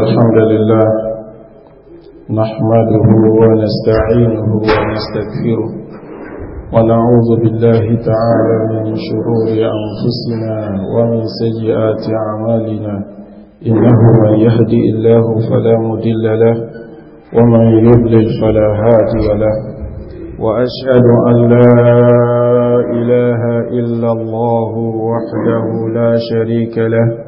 الحمد لله نحمده ونستعينه ونستغفره ونعوذ بالله تعالى من شرور أنفسنا ومن سيئات أعمالنا إنه من يهدي الله فلا مدل له ومن يضلل فلا هادي له وأشهد أن لا إله إلا الله وحده لا شريك له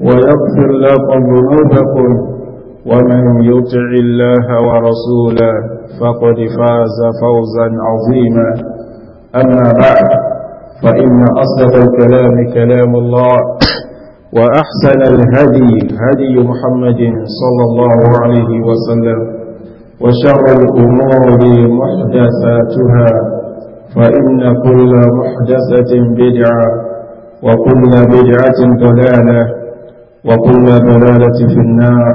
ويغفر لكم ذنوبكم ومن يطع الله ورسوله فقد فاز فوزا عظيما أما بعد فإن أصدق الكلام كلام الله وأحسن الهدي هدي محمد صلى الله عليه وسلم وشر الأمور محدثاتها فإن كل محدثة بدعة وكل بدعة ضلالة وكل ضلالة في النار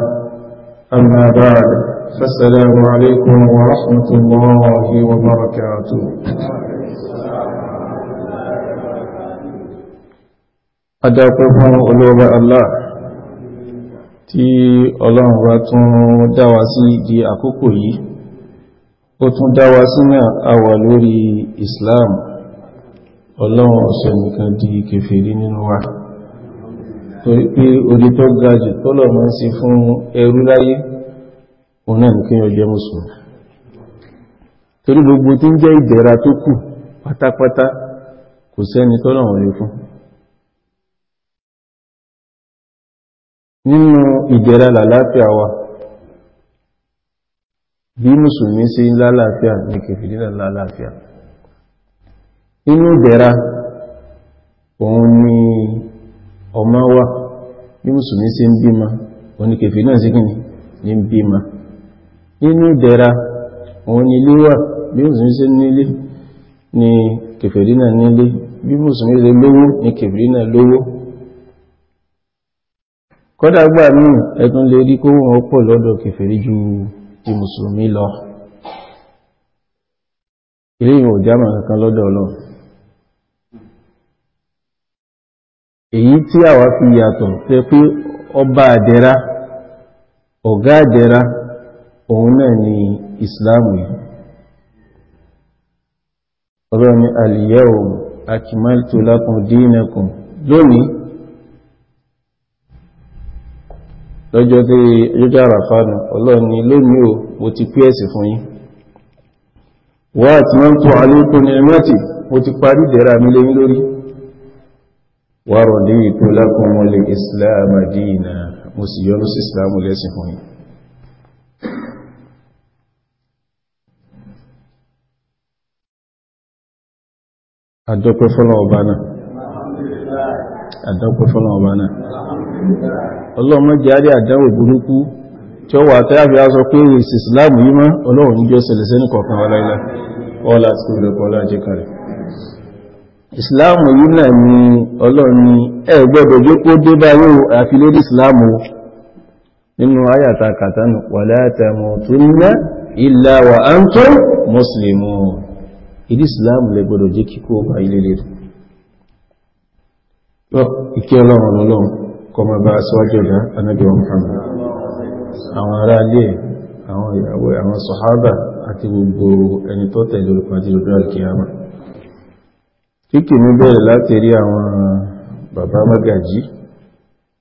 أما بعد فالسلام عليكم ورحمة الله وبركاته Adákọ́ fún olóòbá Allah tí Ọlọ́run bá tún dáwà sí di àkókò yìí, ó tún dáwà sí náà a lórí Islam, Ọlọ́run ọ̀sẹ̀ nìkan di kèfèrí nínú wa torí pé orí tó ga jù tó lọ mọ́ sí fún ẹrú láyé òun náà ní kíyàn jẹ́ mùsùlùmí torí gbogbo tí ń jẹ́ ìdẹ̀ra tó kù pátápátá kò sẹ́ni tó lọ wọ̀nyí fún nínú ìdẹ̀ra làlàáfíà wa bí mùsùlùmí sí lálàáfíà ní kèfìdí lálàáfíà inú ìdẹ̀ra òun ni ọmọ wa bí mùsùlùmí sí ń bímọ oníkèfì náà sí kí ní bímọ nínú ìdẹ̀ra òun ni ilé wà bí mùsùlùmí sí nílé ni kèfèrí náà nílé bí mùsùlùmí sí lówó ni kèfèrí náà lówó kọ́dà gbà míì ẹ̀tún lè rí kówó wọn pọ̀ lọ́dọ̀ kèfèrí ju ti mùsùlùmí lọ ilé jámà kankan lọ́dọ̀ ọlọ́run èyí tí àwa fi yàtọ̀ tẹ pé ọba àdẹ́ra ọ̀gá àdẹ́ra òun náà ni ìsìláàmù yìí ọ̀rọ̀ ni al-yawm akmaltu lakum dinakum lónìí lọ́jọ́ tí yóò àràfánà ọlọ́ni lónìí o mo ti pí ẹ̀sì fún yín wa atmamtu alaykum ni'mati mo ti parí dẹ̀ra mi lórí ورضيت لكم الإسلام دينا مسيون الإسلام ليسهم adọ́pẹ́ fọ́lọ̀ ọba náà adọ́pẹ́ fọ́lọ̀ ọba náà ọlọ́mọ jẹ́ àrí àdánwò burúkú tí ó wà tẹ́yàfẹ́ a sọ pé ìsìsìláàmù yí mọ́ ọlọ́run jẹ́ sẹlẹ̀sẹ́ ní kọ̀ọ̀kan wọ́láìlá ọlá sí ìrẹ́kọ̀ọ́lá jẹ́ ìsìláàmù yìí náà ni ọlọ́run ni ẹ gbọ́dọ̀ jẹ́ kó dé báyé àfi lórí ìsìláàmù nínú ayàta kàtánù wala tamutunna illa wa antum muslimun ìdí ìsìláàmù lẹ gbọ́dọ̀ jẹ́ kíkó bá ilé lè ìkẹ́ ọlọ́run ọlọ́run kọ ma bá aṣíwájú ọ̀dá anábì Muhammad àwọn ará alẹ́ kíkì ní bẹ̀rẹ̀ láti rí àwọn bàbá mágàjí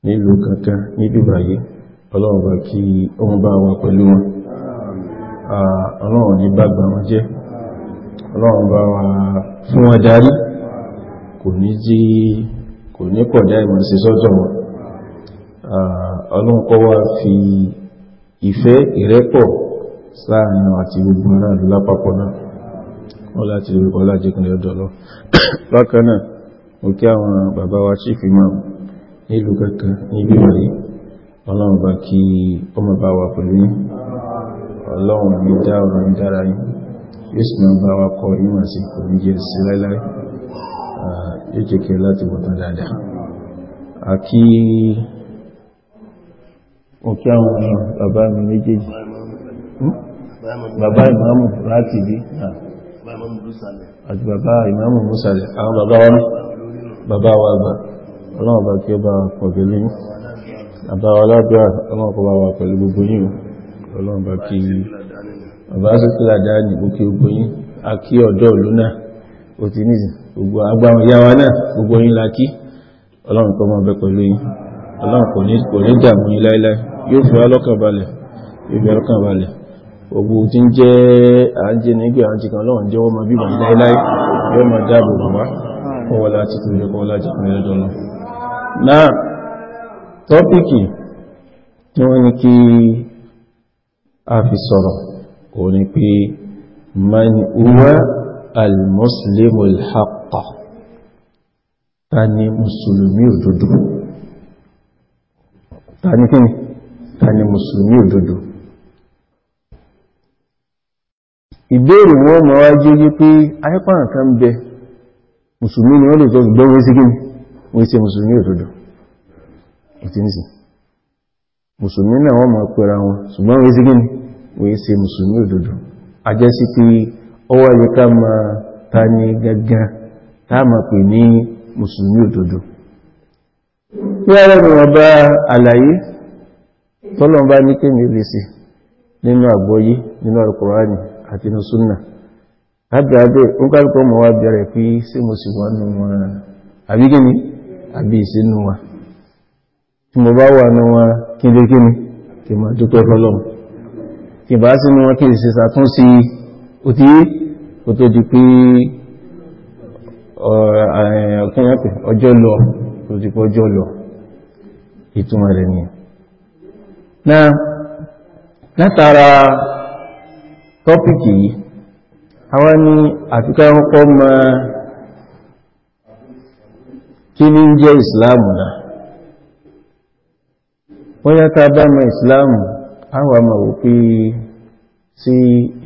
nílùú kankan ní bíbáyé ọlọ́run kí oun bá wa pẹ̀lú wọn ọlọ́run ní bàgbà wọn jẹ́ ọlọ́run bá wa fún wọn darí kò ní jí kò ní kọ̀dá ìmọ̀ sí sọ́jọ́ wọn ọlọ́run wá fi ìfẹ́ ìrẹ́pọ̀ ọlá ti ọlá jẹ́kùnlẹ̀ ọdọ̀ lọ bákan náà mo kí àwọn bàbá wa chief imam nílùú kankan níbi ìwàyí ọlọ́run bá kí ọmọ bá wa pẹ̀lú yín ọlọ́run mi dá ọ̀rọ̀ mi dára yín yóò sì máa bá bàbá mi méjèèjì hmm? láti bí àti bàbá ìmáàmù mùsàlẹ̀ àwọn bàbá wa ní bàbá wa àgbà ọlọ́run bá kí ó bá pọ̀jù lé bàbá wa lábúrà ọlọ́run kó bá wà pẹ̀lú gbogbo yìí ọlọ́run bá kí bàbá sókèlà dáàni ó kí gbogbo yìí a kí ọ̀dọ́ òlú náà ó ti ní gbogbo agbáwọn ìyá wa náà gbogbo yìí la kí ọlọ́run kó máa bẹ pẹ̀lú yìí ọlọ́run kò ní dààmú yín láéláé yóò fi ọlọ́kàn yóò fi ọlọ́kàn gbogbo tí ń jẹ́ àjẹnigbé àjíkan lọ́wọ́n jẹ́ ọmọ bíbà láíláí yóò máa dáàbò bàbá kọwọ́ láti tó yẹ kọwọ́ láti fún ẹlẹ́dọ̀ náà náà tọ́pìkì tí wọ́n ní kí a fi sọ̀rọ̀ kò ní pé man huwa al-muslimul haqqa ta ni musulmi òdodo ta ni kí ni ta ni musulmi òdodo ìbéèrè wọn mọ̀ wá jẹ́ wípé ayẹ́pàá kan bẹ musulmi ni wọ́n lè jọ ìgbẹ́ wọ́n sí gíní wọ́n sí musulmi òdodo ìtínísì musulmi náà wọ́n mọ̀ pẹ̀ra wọn ṣùgbọ́n wé sí gíní wọ́n sí musulmi òdodo ma ta ní ma pè ní àti inú súnà lábẹ́abẹ́ ó kálùkọ́ mọ̀ wá bẹ̀rẹ̀ pé sí mo sì wà nù wọn àbí kíni àbí ìsínú wa tí mo bá wà nù wọn kí lé kíni kí máa dúpẹ́ fọ́lọ́run kí bá sínú wọn kí sì sàtúnṣe ó tọ́pìkì yìí àwọn ni àfikẹ́ ọkọ́ ma kí ní jẹ́ ìsìláàmù náà wọ́n yáta bá mọ̀ ìsìláàmù àwọn àmà wò pé tí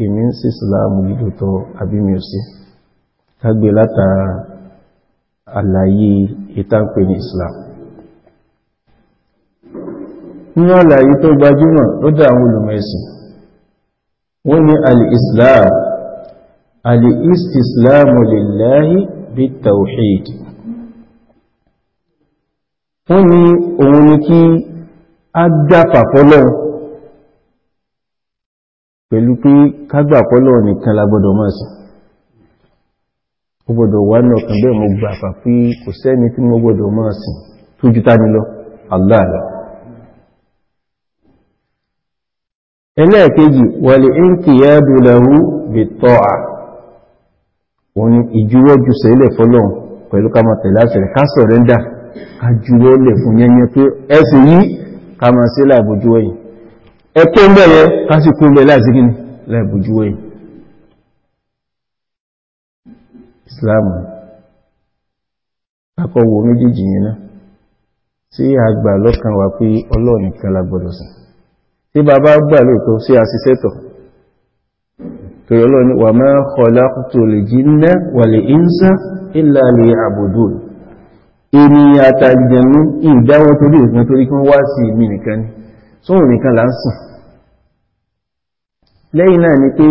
èmi ń sí ìsìláàmù lítòtọ́ àbími ò sí kágbé látara àlàyé ìtànpé ní ìsìláàmù nínú àlàyé tó gbajúmọ̀ lọ́dọ̀ àwọn olùmẹ̀sìn wọ́n ní al'islam al'istislamu lillahi bi tawhid wọ́n ní òun ni kí a dápa fọ́lọ́ pẹ̀lú pé kágbà fọ́lọ́ nìkan lagbọ́dọ̀ máa sí ó gbọ́dọ̀ wà náà kan bẹ́ẹ̀ mo gbà fà kò sẹ́ni tí mo gbọ́dọ̀ máa sí tó jútá nílọ Allah ẹlẹ́ẹ̀kejì wọlé ń kì yá dúlẹ̀hú bí tọ́à wọn ni ìjuwọ́jú sẹ́lẹ̀ fọ́lọ́n pẹ̀lú ká máa tẹ̀lé àṣẹ ká sọ̀rẹ́ndà ká juwọ́ lẹ̀ fún yẹnyẹ pé ẹsẹ̀ yìí ká máa sí láìbojú wẹ̀yìn ẹkọ́ tí bàbá gbà lóòtọ́ sí àṣìṣẹ́tọ̀ torí ọlọ́ni wà ma khalaqtul jinna wal insa illa liya'budun ènìyàn àtàjẹ̀mú ìdáwọ́ torí ìkan torí kí wọ́n wá sí ìmì nìkan ni sóhùn nìkan là ń sìn lẹ́yìn náà ni pé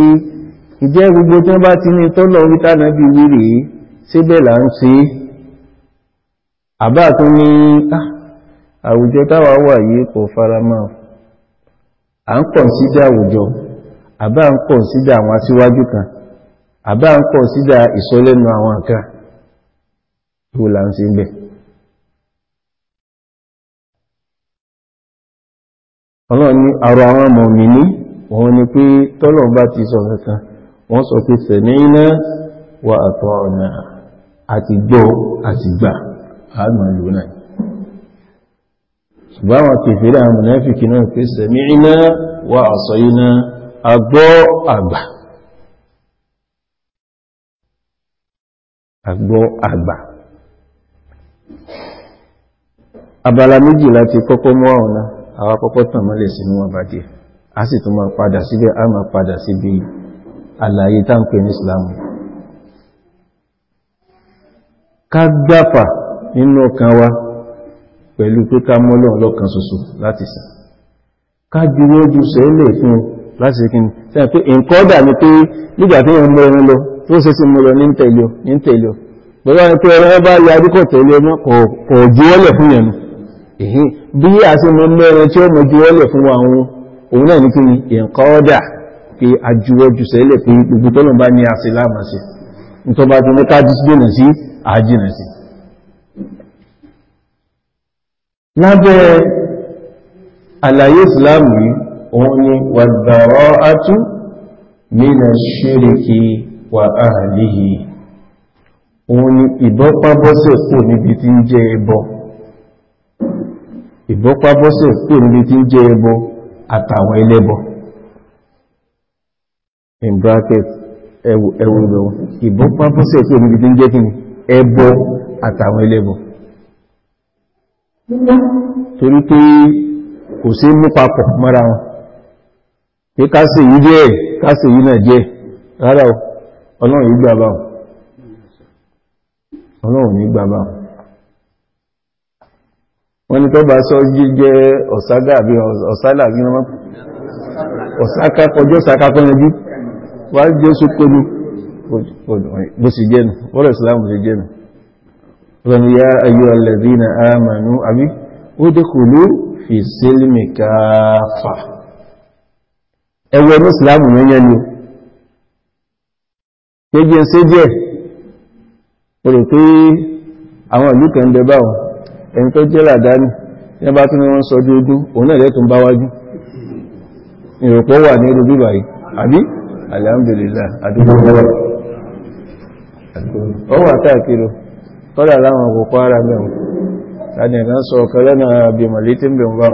ìjẹ́ gbogbo tí wọ́n bá ti ní tọ́lọ̀ ah, àwùjọ táwa wà yìí kò fara mọ́ à ń kọ̀nsídà àwùjọ àbá ń kọ̀nsídà àwọn aṣíwájú kan àbá ń kọ̀nsídà ìsọlẹ́nu àwọn kan tó là ń ṣe bẹ̀ ọlọ́run ní àrọ̀ àwọn ni pé tọ́lọ̀ bá ti sọ kankan wọ́n sọ pé wà ọ̀nà ṣùgbọ́n àwọn kèfèrè àwọn mùnáfíkì náà pé sami'na wa asayna agbọ́ àgbà agbọ́ àgbà abala méjì láti kọ́kọ́ mọ́ ọ̀nà àwọn kọ́kọ́ tàn mọ́lẹ̀ sínú àbájẹ́ a sì tún máa padà síbẹ̀ a máa padà síbi àlàyé táǹpẹ̀ ní Islam ká gbáfà nínú ọkàn wa pẹ̀lú pé ká mú Ọlọ́run lọ́kan ṣoṣo láti sìn ká juwọ́ ju sẹ́lẹ̀ fún láti kíni sẹ́yìn pé nǹkan ọ̀dà ni pé nígbà tí wọ́n mú ẹran lọ tó ṣe sí mú lọ ní tẹ̀lé ní tẹ̀lé pẹ̀lú àwọn pé ẹran bá ya adúkọ̀ tẹ̀lé mọ́ kọ̀ juwọ́lẹ̀ fún yẹn nu bí a ṣe mọ mẹ́rin tí ó mọ juwọ́lẹ̀ fún wa òun òun náà a juwọ́ ju sẹ́lẹ̀ pé gbogbo tọ́lọ̀ bá ní àṣẹ láàmà sí nítorí lábẹ́ àlàyé islam yìí òun ni wàdàrọ́ átú nínà ṣíríkì wà áhàlìhì òun ni ìbọ́pábọ́sẹ̀ kò níbi tí ń jẹ ẹbọ ìbọ́pábọ́sẹ̀ kò níbi tí ń jẹ ẹbọ àtàwọn ẹlẹ́bọ ìbọ́pábọ́sẹ̀ níbi tí torí pé kò sí mú papọ̀ mọ́ra wọn pé kásì yí díẹ̀ kásì yí náà díẹ̀ rárá ọlọ́run yí ọlọ́run wọ́n ni tó bá sọ jíjẹ́ ọ̀ságà àbí ọ̀sálà bí wọ́n ọ̀sáká kọjọ́ ọ̀sáká jẹ́ wọn yá ayọ́ alẹ́dínà àmànú àbí ó dẹ́kùlú fi sílmì káfà ẹwẹ́ ní ìsìlámù mẹ́yẹn ni gbogbo ṣe díẹ̀ o rò pé àwọn ìlú kan dẹ báwọn ẹni tó jẹ́ làdání ní bá wọ́n sọ dúdú òun náà lẹ́tùn kọ́dà láwọn àgbòkọ́ ara mẹ́un láti ẹ̀nà sọ na àbìmọ̀lé tí ń bẹ̀ wà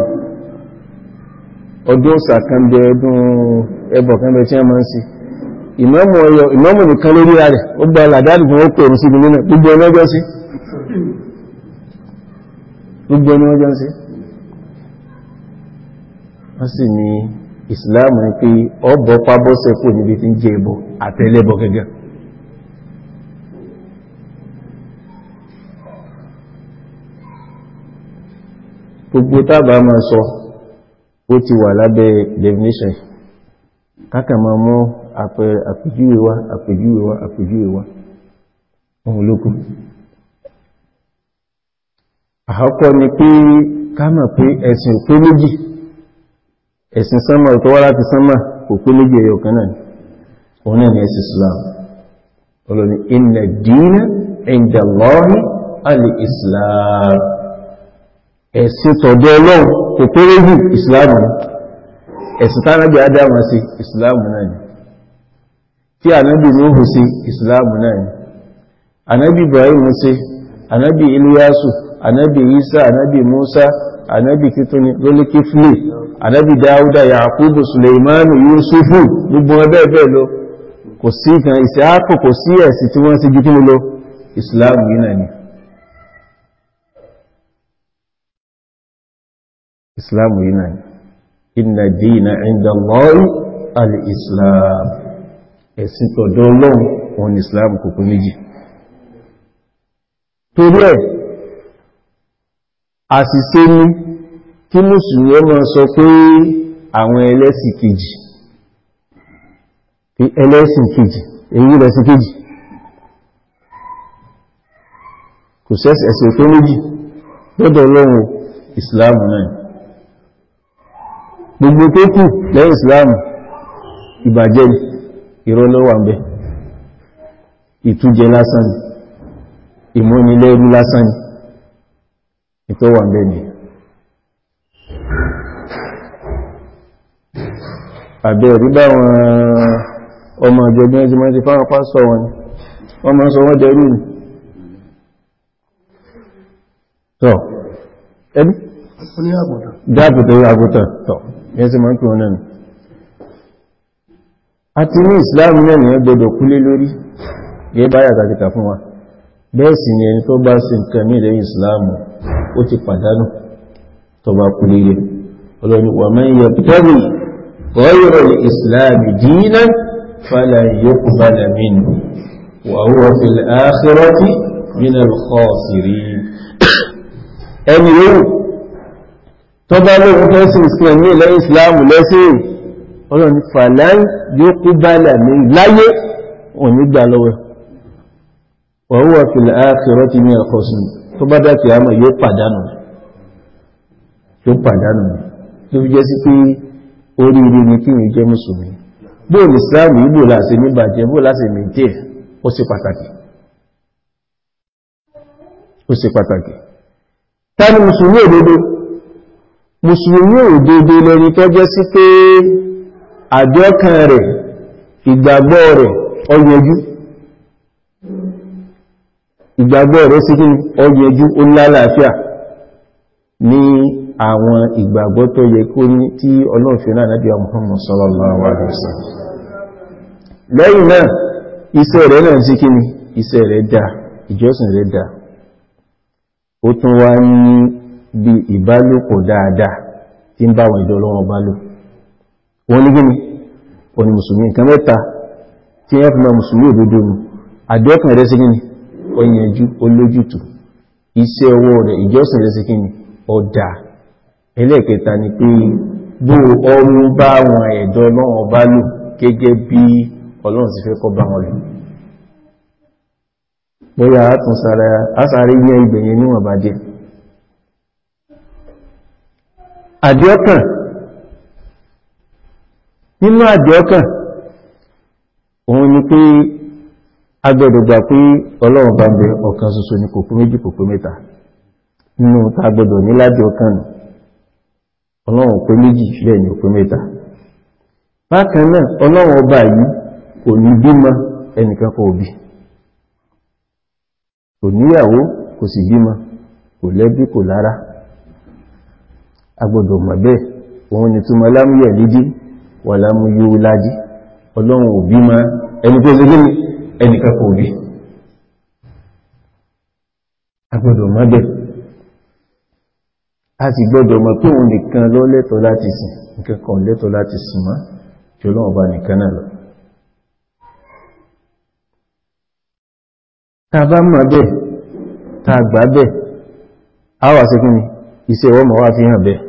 ọdún sàkánbẹ̀ ọdún ẹbọ̀ kánbẹ̀ tí a máa ń sí ìmọ́mù nìkan lórí rẹ̀ ó fún ó gbogbo tábà máa sọ ó ti wà lábẹ́ definition kákà máa mú àpẹẹrẹ àpèjúwe wá àpèjúwe wá àpèjúwe wá ohun lókù àkọ́kọ́ ni pé ká mọ̀ pé ẹ̀sìn pé méjì ẹ̀sìn sánmà tó wá láti sánmà kò pé méjì ẹyọ kan náà òun náà ni ẹ̀sìn Islam inna dina inda Allahi al-Islam ẹ̀sìn tọ̀dọ̀ ọlọ́run kò kéré jù ìsìláàmù ní ẹ̀sìn tánàbí adáma sí ìsìláàmù náà ni tí ànábì Nuhu sí ìsìláàmù náà ni ànábì Ibrahim sí ànábì Ilyasu ànábì Isa ànábì Musa ànábì títúni lólékí fúlé ànábì Dáúdà Yakubu Suleimanu Yusufu gbogbo ẹbẹ́ bẹ́ẹ̀ lọ kò sí ìtàn ìsẹ́ àpò kò sí ẹ̀sìn tí wọ́n ti jí kí lọ ìsìláàmù náà ni islam yìí náà inna dina inda Allahi al-islam ẹ̀sìn tọ̀dọ̀ ọlọ́run òun islam kò pé méjì torí ẹ̀ àṣìṣe ni kí mùsùlùmí ọmọ sọ pé àwọn ẹlẹ́sìn kejì ẹlẹ́sìn kejì èyí lẹ́sìn kejì kò sẹ́sẹ̀ ẹ̀sìn pé méjì lọ́dọ̀ ọlọ́run islam náà gbogbo tó kù lẹ́yìn ìsìláàmù ìbàjẹ́ ìrọ́lọ́wà ń bẹ ìtújẹ lásán ìmúnilẹ́rú lásán ìtọ́wà ń bẹ ni àbẹ̀ ìrúbá wọn ọmọ ọ̀jọ̀gbọ́n ẹjì máa ti fáwọn pásọ wọn wọ́n máa sọ wọ́n dẹrú ni tọ́ ẹni dáàbò tó rí àgùtàn tọ́ yẹn tí ma ń pè wọn náà àti ní ìsìláàmù náà nìyẹn gbọdọ̀ kúlé lórí gẹ́gẹ́ bá yàtà ti kà fún wa bẹ́ẹ̀ sì ni ẹni tó bá sí nǹkan ní ilẹ̀ ìsìláàmù ó ti pàdánù tó bá kúlé lé ọlọ́ni wà máa yẹ pítẹ́rì ọ̀yọ̀rọ̀ ìsìláàmù dínà fàlà yókù bàlà mínú tó bá lóòrùn tó sì ìsìnkẹ̀ ní ilẹ̀ ìsìláàmù lẹ́sìn ọlọ́run ni fàlàí yóò kú bálẹ̀ ní láyé òní gbà lọ́wọ́ wọ̀wọ́ fìlà áàkìrọ́ ti ní ẹ̀kọ́sùn tó bá dákì àmà yóò pàdánù yóò pàdánù tó fi jẹ́ sí pé oríire ni kí jẹ́ mùsùlùmí bóò mùsùlùmí òdodo mùsùlùmí òdodo lẹni tó jẹ́ sí pé àdíọ́kàn rẹ̀ ìgbàgbọ́ rẹ̀ ọyẹjú ìgbàgbọ́ rẹ̀ sí ọyẹjú ó lálàáfíà ní àwọn ìgbàgbọ́ tó yẹ kó ní tí ọlọ́fẹ́ràn náà rẹ̀ sí bi ìbálòpọ̀ dáadáa tí ń bá wọn ìjọ ọlọ́run bá lò wọ́n ní gíní ọ̀nà mùsùlùmí nǹkan mẹ́ta tí ẹ fi mùsùlùmí òdodo mu àdọ́kùn rẹ̀ gíní ọ̀yànjú olójútù iṣẹ́ ọwọ́ rẹ̀ ìjọsìn sí gíní ọ̀dà àdíọ́kàn nínú àdíọ́kàn òun ni pé agbẹ̀dọ̀gbà pé ọlọ́run bá bẹ ọ̀kan ṣoṣo ní kò méjì kò mẹ́ta nínú ta ní ọlọ́run pé méjì ni ò mẹ́ta bákan náà ọlọ́run ọba yìí kò ní bímọ ẹnìkan kò bí kò níyàwó kò sì bímọ kò lẹ́bí kò lára agbọ́dọ̀ mọ̀ bẹ́ẹ̀ òun ni túnmọ̀ lámúyẹ̀ lídí wà lámúyẹ̀ lájí ọlọ́run òbí ma ẹni tó sílé ẹnìkẹ́kọ̀ òbí agbọ́dọ̀ mọ̀ bẹ́ẹ̀ a sì gbọ́dọ̀ mọ̀ pé òun nìkan ló lẹ́tọ̀ láti sìn ìkẹ́kọ̀ọ́ lẹ́tọ̀ láti sìn mọ́ tí ọlọ́run bá nìkan náà lọ ta bá mọ̀ bẹ́ẹ̀ ta gbà bẹ́ẹ̀ a wà sí fún mi iṣẹ́ ọmọ wá fi hàn bẹ́ẹ̀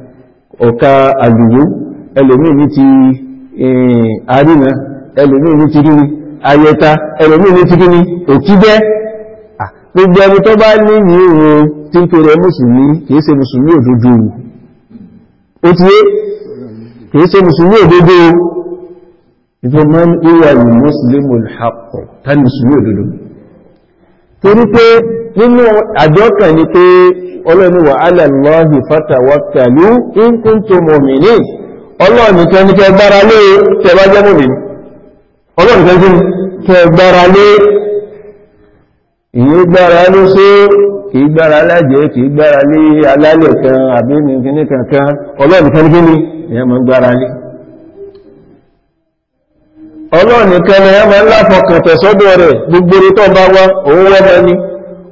ọ̀ka àlùwó ẹlòmíì ní ti àrínà ẹlòmíì ní ti rírí ayẹta ẹlòmíì ní ti rírí òkídẹ́ gbogbo ẹni tó bá ní ní ìwò tí ń pèrè mùsùlùmí kìí ṣe mùsùlùmí òdodo ó ti yé kìí ṣe mùsùlùmí òdodo ìfẹ́ mọ́ ní nínú àjọ́kàn ni pé ọlọ́niwà alàlọ́hì fàtàwàkàlú in kuntum mu'minin ọlọ́ni tẹ́ ní kẹgbára lé tẹ́bá jẹ́ mọ̀mìnì ọlọ́ni tẹ́ ní kẹgbára lé ìyí gbára ló sí kìí gbára lájẹ́ kìí gbára lé alálẹ̀ kan àbí nìkíní kankan ọlọ́ni tẹ́ ní kíní ìyẹn mọ́ gbára lé ọlọ́ni kan ni ẹ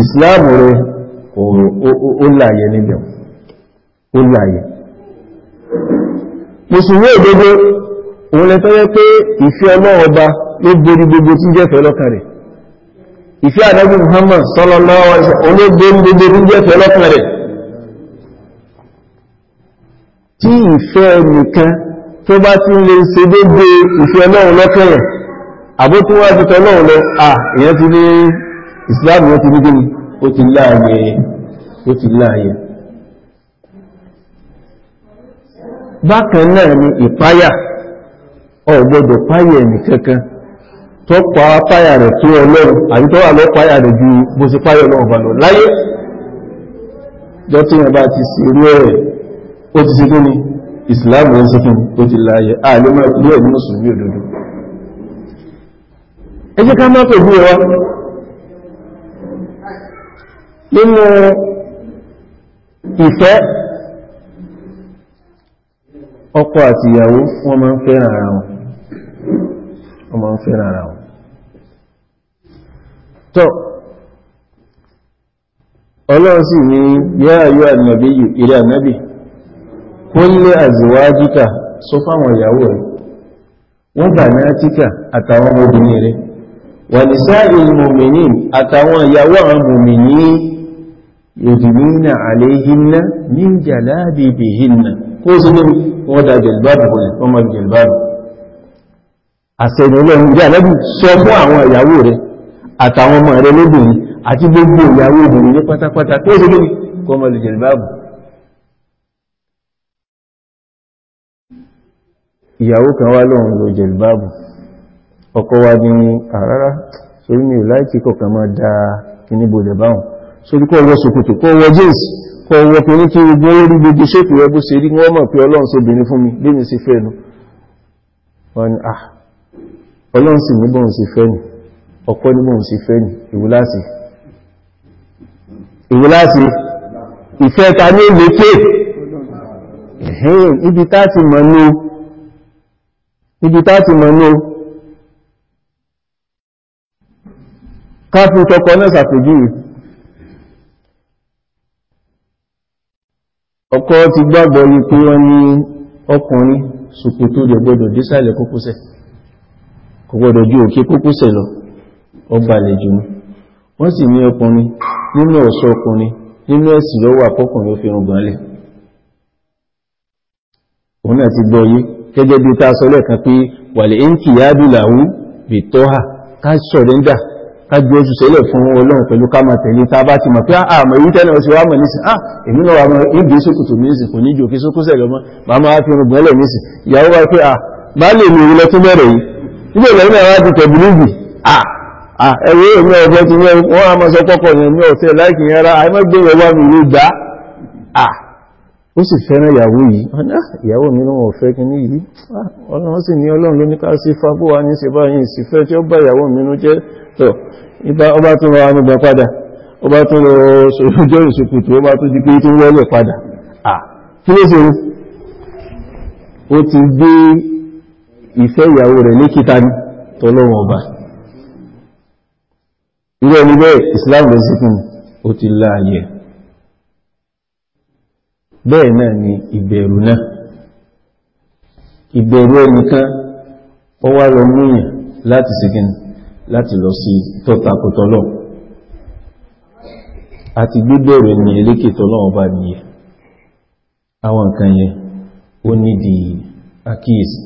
ìsìláàmù rẹ̀ ó láyé níbẹ̀ ó láyé mùsùlùmí òdodo òun lẹ́tọ́ yẹ pé ìfẹ́ ọlọ́ọba ló borí gbogbo tí jẹ́fẹ́ lọ́kàn rẹ̀ ìfẹ́ àdájú Muhammad sallallahu alaihi wasallam ló borí gbogbo tí jẹ́fẹ́ lọ́kàn rẹ̀ tí ìfẹ́ nìkan tó islam wọ́n ti nígbìn ó ti láàyè ó ti láàyè bákan náà ni ìpáyà ọ̀gbọ́dọ̀ páyà ẹ̀mì kankan tó pa páyà rẹ̀ tó ọlọ́run àti tó wà lọ páyà rẹ̀ ju bó sì páyà ọlọ́run bà lọ láyé jọ tí wọ́n bá ti sí irú ẹ̀ ó ti sí kí ni islam wọ́n sí fún ó ti láyé ààlé máa kúrò ní mùsùlùmí òdodo ẹ jẹ́ ká má pè bí ẹ wá nínú ìfẹ́ ọkọ àti ìyàwó wọ́n máa ń fẹ́ràn ara wọn wọ́n máa ń fẹ́ràn ara wọn tọ́ ọlọ́run sì ní yá ayú ànàbí yù ilẹ̀ ànàbí kún lé àzìwájíkà sọ fáwọn ìyàwó rẹ̀ wọ́n bà ní átíkà àtàwọn obìnrin rẹ̀ wà ní mòmìnì àtàwọn ìyàwó àwọn mòmìnì yòdìmínà àléhìnà ní jàlábìbìhìnà kó sí ní wọ́n da jẹ̀lbáàbù wọ̀lẹ̀ wọ́n ma jẹ̀lbáàbù àṣẹ̀lẹ̀ ọlọ́run jẹ́ àlẹ́bù sọ fún àwọn ìyàwó rẹ̀ àtàwọn ọmọ rẹ̀ lóbìnrin àti gbogbo ìyàwó obìnrin ní pátápátá kó sí ní wọ́n ma jẹ̀lbáàbù ìyàwó kan wá lóhun lo jẹ̀lbáàbù ọkọ wa ní àrárá sórí mi ò láìkí kọ̀kan máa da kíníbò lẹ̀ báhùn sórí kọ́ wọ ṣòkòtò kọ́ wọ jeans kọ́ wọ pẹ̀lú kí gbogbo orí gbogbo ṣépù rẹ bó rí wọ́n mọ̀ pé ọlọ́run ṣe obìnrin fún mi lémi sí fẹ́ nu ah ọlọ́run sì ni ọ̀pọ̀ ní bọ́n sí fẹ́ ni ìwúláṣì ìwúláṣì ìfẹ́ ta ní lékè ibi tá ti mọ̀ ní ibi tá káfí tọkọ náà ṣàpèjúwe ọkọ ti gbàgbọ́ ní pé wọ́n ní ọkùnrin ṣòkòtò rẹ̀ gbọ́dọ̀ désàlẹ̀ kókósẹ̀ kò gbọ́dọ̀ ju òkè kókósẹ̀ lọ ọgbàlẹ̀ jù ní wọ́n sì ní ọkùnrin nínú ọ̀ṣọ́ ọkùnrin nínú ẹ̀sìn lọ́wọ́ àpọ́kùnrin ó fi hàn gbọ́nlẹ̀ òun náà ti gbọ́ yí gẹ́gẹ́ bí ta sọ lẹ́ẹ̀kan pé wàlẹ̀ ń kìyàdù làwú bìtọ́hà ká sọ̀rẹ́ndà kájú oṣù sílẹ̀ fún Ọlọ́run pẹ̀lú ká máa tẹ̀lé tá bá ti mọ̀ pé ah, àmọ̀ èyí tẹ́lẹ̀ ọ̀sẹ̀ wà mọ̀ nísìn ah èmi náà wà mọ̀ ìdí sókùtù nísìn kò ní jò kí sókùsẹ̀ lọ́mọ́ màá máa fi rùgbọ́n lẹ̀ nísìn ìyàwó wa pé ah bá lè mi ìrìnlẹ̀ tó bẹ̀rẹ̀ yìí nígbà ah ah ẹ̀wọ́ èmi ọ̀fẹ́ ti wọ́n á máa sọ pọ́pọ̀ yẹn mi ọ̀tẹ̀ ah ó sì fẹ́ràn ìyàwó yìí ah, ìyàwó mi náà ọ̀fẹ́ kí ní yìí ah, ọlọ́run sì ní ọlọ́run ló ní ká sí fagbó wa ní ṣe báyìí sì fẹ́ tí ó bá ìyàwó mi nú jẹ́ tọ̀ ọba tún lọ amúgbà padà ọba tún lọ sọ́jọ́ ìṣòkòtò ọba tún di pé tó wọ́lẹ̀ padà kí ló ṣe ó ti gbé ìfẹ́ ìyàwó rẹ̀ ní kíta ní tọ́lọ́wọ̀n ọba irú ẹni bẹ́ẹ̀ Islam lọ sí fún ó ti láàyè bẹ́ẹ̀ náà ni ìbẹ̀rù náà ìbẹ̀rù ẹnìkan ó wá lọ múyàn láti sígin láti lọ sí tọ́takòtọ́lọ̀ àti gbíbẹ̀rù ní eléke tọ́lọ́wọ́ bá nìyẹ àwọn nǹkan yẹn ó nídìí àkíyèsí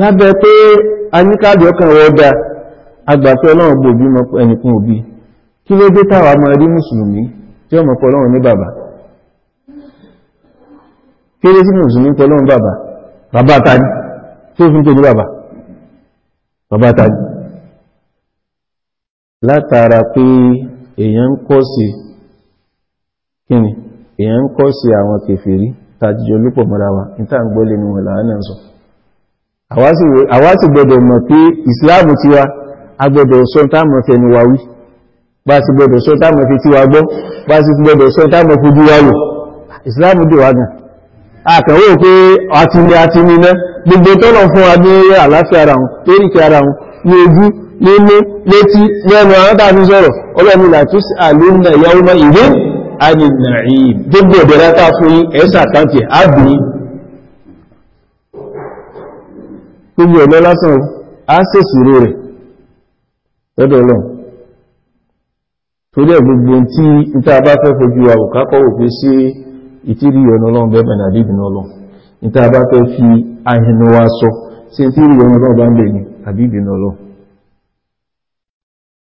lábẹ́ pé a ní káàdì ọkàn wọ́dá agbàfẹ́ ọlọ́run bò bí mọ́ ẹnìkan òbí kí ló dé táwà mọ́ rí mùsùlùmí tí ọmọ pọ̀lọ́run ní bàbá kí ló sí mùsùlùmí pọ̀lọ́run bàbá bàbá tani tí ó fi ń pè ní bàbá bàbá tani látara pé èèyàn ń kọ́ sí kíni èèyàn ń kọ́ sí àwọn kèfèrí tàjíjọ lúpọ̀ mọ́ra wa ìta ń gbọ́lé ni wọ̀n làánà sọ àwa sì gbọdọ̀ mọ̀ pé ìsìláàmù ti wa a gbọdọ̀ sọ táàmọ̀ fẹnu wa wí bá sì gbọdọ̀ sọ táàmọ̀ fi tí wa gbọ́ bá sì gbọdọ̀ sọ táàmọ̀ fojú wa wò ìsìláàmù dì wá gan àkànwò pé àtìlẹ̀ àtìlẹ̀ iná gbogbo tọ́lọ̀ fún wa ní àláfíà ara wọn lórí kí ara wọn gbogbo ẹ̀ lásán á sèsùrò rẹ̀ lọ́dọ̀ torí ẹ̀ gbogbo tí ìta bá fẹ́ fojú àwòkákọ́ òfin sí ìtírí ọ̀nà ọlọ́run bẹ́ẹ̀ bẹ̀rẹ̀ ìta bá fẹ́ fi ahẹnu wa sọ sí ìtírí ọ̀nà ọlọ́run bá ń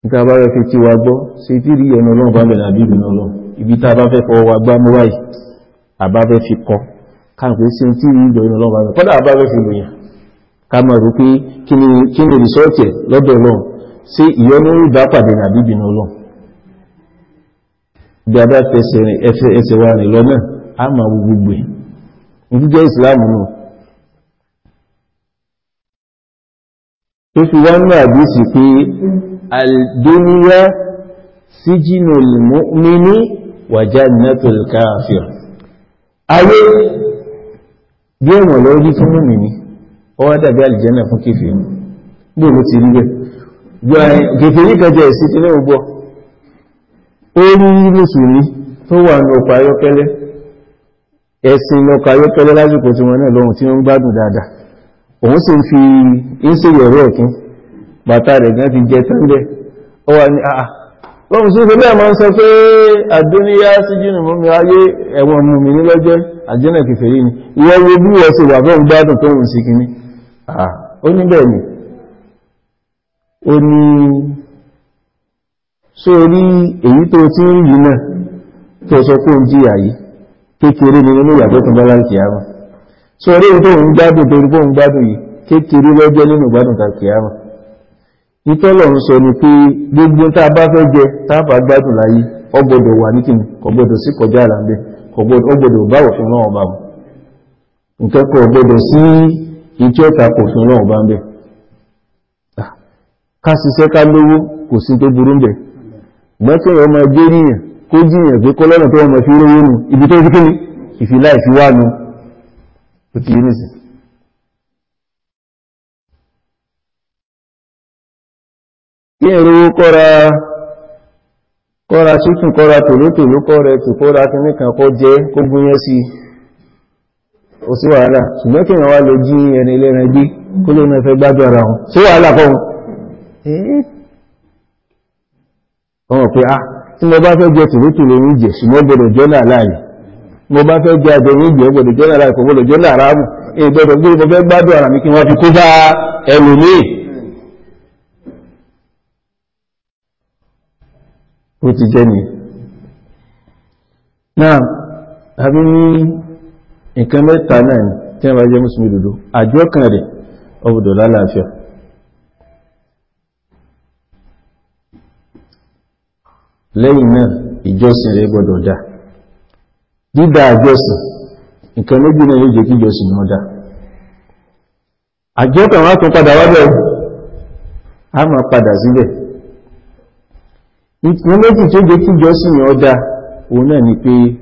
ìta bá fẹ́ fi ti wa gbọ́ sí ọ̀nà ibi a bá fẹ́ fọwọ́ wa gbá àbá fẹ́ fi kọ káàkiri sí ọ̀nà kọ́dà àbá ká máa rú pé kí ni rìsọ́ọ̀tì ẹ̀ lọ́dọ̀ ọlọ́run sí ìyọnú ìbá pàdé nàbí ìbìnà ọlọ́run bí a bá fẹsẹ̀ ẹsẹ̀ wa rìn lọ́nà a máa wo gbogbo ẹ̀ jíjẹ́ ìsìláàmù náà tó fi wá ní àdísì pé alduniya sijinul mu'mini wa jannatul kafir ayé bí ẹ̀wọ̀n lọ́rí fún mùmìnì ó wá dàbí àlìjẹ́nà fún kèfèrí bí òun ti rí bẹ́ẹ̀ kèfèrí kan jẹ́ ìsìn kíní ògbọ́ ó rí mùsùlùmí tó wà ní ọkọ̀ ayọ́kẹ́lẹ́ ẹ̀sìn ọkọ̀ ayọ́kẹ́lẹ́ lásìkò tí wọn náà lọ́hùn tí wọ́n ń gbádùn dáadáa òun sì fi ń sí ìyẹ̀rẹ́ ẹ̀kín bàtà rẹ̀ gan ti jẹ tẹ́lẹ̀ ó wà ní àà lọ́wọ́ Ah, ó ní bẹ́ẹ̀ ni ó ní ṣó rí èyí tó tí ń yìí náà sọ kó ń jíyà yìí kékeré ni nínú ìyà tó tún bá láti rí tó ń gbádùn tó ń gbóhùn gbádùn yìí kékeré lọ́jọ́ nínú ìgbádùn ni pé gbogbo tá a bá fẹ́ jẹ gbádùn láyé ọgbọ́dọ̀ wà ní kìnnì sí kọjá àlàmbẹ̀ ọgbọ́dọ̀ báwọ̀ fún náà ìtí ọ̀ta kò fún ọlọ́run bá ń bẹ̀ ah, ká ṣiṣẹ́ ká lówó kò sí tó burú bẹ̀ mọ́tún ọmọ ẹgbẹ́ yíyàn kó jíyàn pé kọ́lọ́nà tó ọmọ fi rówó nù ibi tó kíkí ni ìfìlà ìfiwá nu ó ti yé nìsín kí n rówó kọ́ra kọ́ra síkùn kọ́ra tòlótòló kọ́ra ètò kọ́ra kíníkan kọ́ jẹ́ kó gúnyẹ́ sí i ó sí wàhálà ṣùgbọ́n kí wọ́n lè jí ẹni lẹ́rin gbé kó ló náà fẹ́ gbájú ara wọn sí wàhálà fọ́n ọmọ pé ah tí mo bá fẹ́ jẹ tìrútù lè ríjẹ ṣùgbọ́n gbọdọ̀ jẹ́ náà láàyè mo bá fẹ́ jẹ àjẹ ríjẹ gbọdọ̀ jẹ́ náà láàyè kò gbọdọ̀ jẹ́ náà ráàmù èyí gbọdọ̀ mo fẹ́ gbájú ara mi kí wọ́n fi kó bá ẹnu mi ó ti jẹ́ ni náà àbí ní nǹkan mẹ́ta náà ni tí wọ́n bá jẹ́ lẹ́yìn náà ìjọsìn rẹ̀ gbọ́dọ̀ dá dídá àjọsìn nǹkan méjì náà ló jẹ́ kí ìjọsìn wọn dá àjọ kan wá tún padà a padà náà ni pé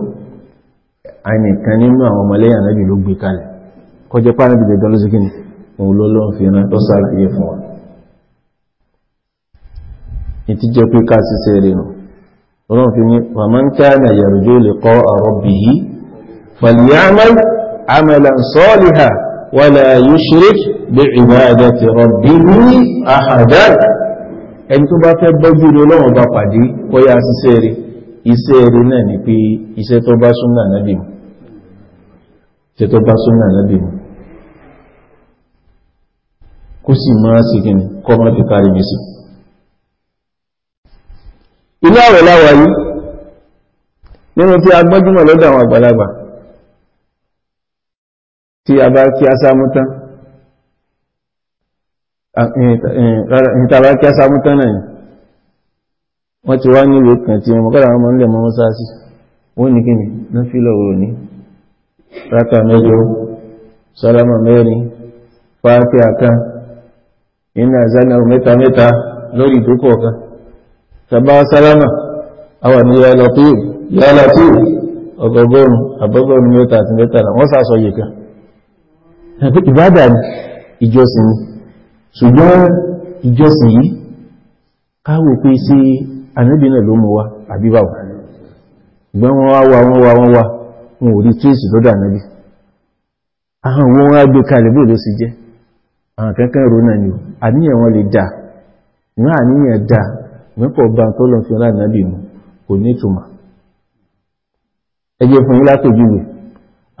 àìnìkan nínú àwọn ọmọlẹ́yìn ànábì ló gbé kalẹ̀ kọjẹ́ pàrọ̀ bìbẹ̀ gan lóṣù kìíní òun ló lọ́n fi rán tó sàlàyé fún wa ìtí jẹ́ pé ká ṣiṣẹ́ rẹ̀ nù ọlọ́run fi ní faman kana yarju liqa'a rabbih falya'mal 'amalan salihan wala yushrik ẹni tó bá fẹ́ bọ́jú ní ọlọ́run bá pàdé kọ́yá ṣiṣẹ́ rẹ̀ iṣẹ́ rẹ̀ náà ni pé iṣẹ́ tó bá súnà náà bímọ ṣe tó bá súnmọ́ ànábì mu kó sì máa sí kí ni kọ́ máa fi kárí mi sí ilé àwẹ̀ láwà yìí nínú tí a gbọ́júmọ̀ lọ́dọ̀ àwọn àgbàlagbà tí a bá kí a sámú tán ìtàbá kí a tán náà wọ́n ti wá ní kan tí wọ́n kọ́lá wọn mọ́ ń lẹ̀ mọ́ wọ́n ní kí ni náà òní rákà mẹ́jọ sálámà mẹ́rin fáàtì metameta nínú àzánà mẹ́ta mẹ́ta salama ìdókò ọ̀kan tàbá sálámà àwà ya yálà tí ọgọgọrùn àbọgọrùn mẹ́ta àti mẹ́tàlá wọ́n sàsọ yìíká ìbádà ìjọsìn ṣùgbọ́n ìjọsìn yìí káwò pé sí ànábì ló mú wa àbíbáwà ìgbọ́n wọn wá wá wọn wá wọn wọn ò rí tírísì lọ́dọ̀ ànábì àwọn wọn wá gbé kalibu bóòdó sí jẹ́ àwọn kankan rò náà ni o àníyàn wọn lè dà ìwọ́n àníyàn dà mẹ́pọ̀ bá ń lọ fi ọlá ànábì mu kò ní ìtumọ̀ ẹgbẹ́ fún yín látòjúwe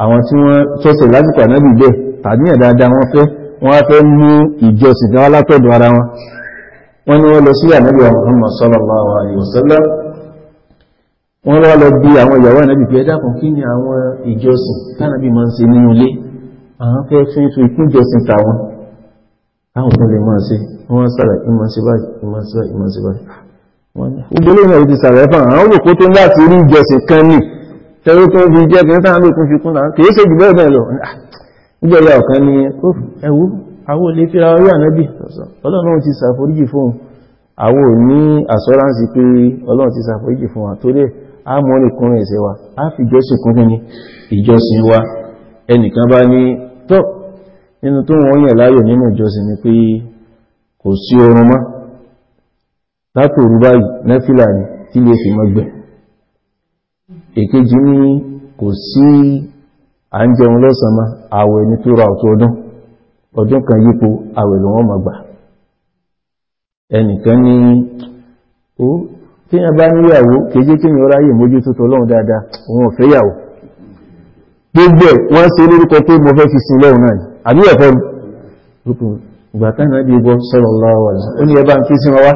àwọn tí wọ́n tọ́sẹ̀ lásìkò ànábì bẹ́ẹ̀ tàníyàn dáadáa wọ́n fẹ́ á fẹ́ wọn wọ́n wọ́n lọ sí wọ́n wá lọ bí àwọn ìyàwó ànábì pé ẹ̀dá kí ni àwọn ìjọsìn tánàbì máa ń ṣe nínú ilé àwọn fẹ́ fún ètò ìpínjọsìn tàwọn táwọn tó lè máa ṣe wọ́n sára ìmọ̀ sí báyìí ìmọ̀ sí báyìí ìmọ̀ sí báyìí ìgbélé náà ti sàrẹ̀ fún àwọn olùkó tó ń bá ti rí ìjọsìn kan ní tẹ́rù tó ń fi jẹ́ kí sáà lókun fi kún láàrín ah, ni ẹwú àwọn olè fíra orí ànábì a mọ́ lè kúnrin ẹ̀ṣẹ̀ wa a fi ìjọsìn kún ní ìjọsìn wa ẹnìkan bá ní tọ́ nínú tó wọ́n yàn láyò nínú ìjọsìn ni pé kò sí oorun mọ́ látòrú báyìí nẹ́fìlà ni tí lè fi mọ́ gbẹ̀ èkejì ní kò sí à ń jẹun lọ́sàn mọ́ àwẹ̀ ní tó ra ọ̀tọ̀ ọdún ọdún kan yípo àwẹ̀ lọ́wọ́ tí yàn bá níyàwó kéjé kí yàn ráyè mójútó tọ́lọ́run dáadáa òun ò fẹ́ yàwó gbogbo ẹ̀ wọ́n ṣe lórúkọ pé mo fẹ́ fi sin lọ́run náà àbí ẹ̀fọ́ rúkùn ìgbà táwọn ẹbí gbọ́ sọ́rọ̀ lọ́wọ́ rẹ̀ ó ní ẹbá ń kí sí wọn wá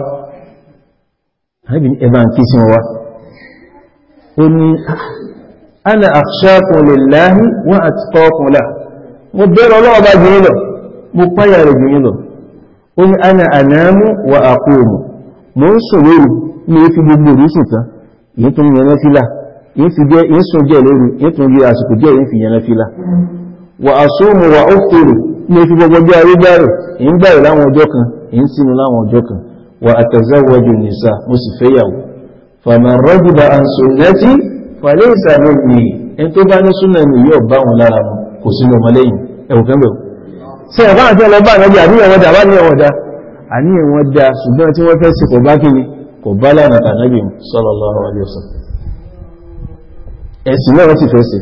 ẹbá ń kí sí wọn mo ń sùn lóru ní fi gbogbo òru sùn tán yìí tún yẹn náfílà yìí fi jẹ́ yìí sùn jẹ́ lóru yìí tún yẹ àsìkò jẹ́ yìí fi yẹn náfílà wà àsóòmù wà ó fèrè ní fi gbogbo ọjọ́ ayé gbàrò yìí ń gbàrò láwọn ọjọ́ kan yìí ń sinmi láwọn ọjọ́ kan wà àtàzáwọjù nìsa mo sì fẹ́ yàwó fàmà rọ́gìbà àǹsọ̀nẹ́tì fàlẹ́ ìsàlẹ̀ yìí ẹni tó bá ní súnà ní yóò bá wọn lára wọn kò sínú ọmọlẹ́yìn ẹ̀wù kẹ́mbẹ̀wò àníyàn wọn dáa ṣùgbọ́n tí wọ́n fẹ́ sí kò bá kí ni kò bá lánà tànábì sallallahu wasallam ẹ̀sìn náà ti fẹ́ sí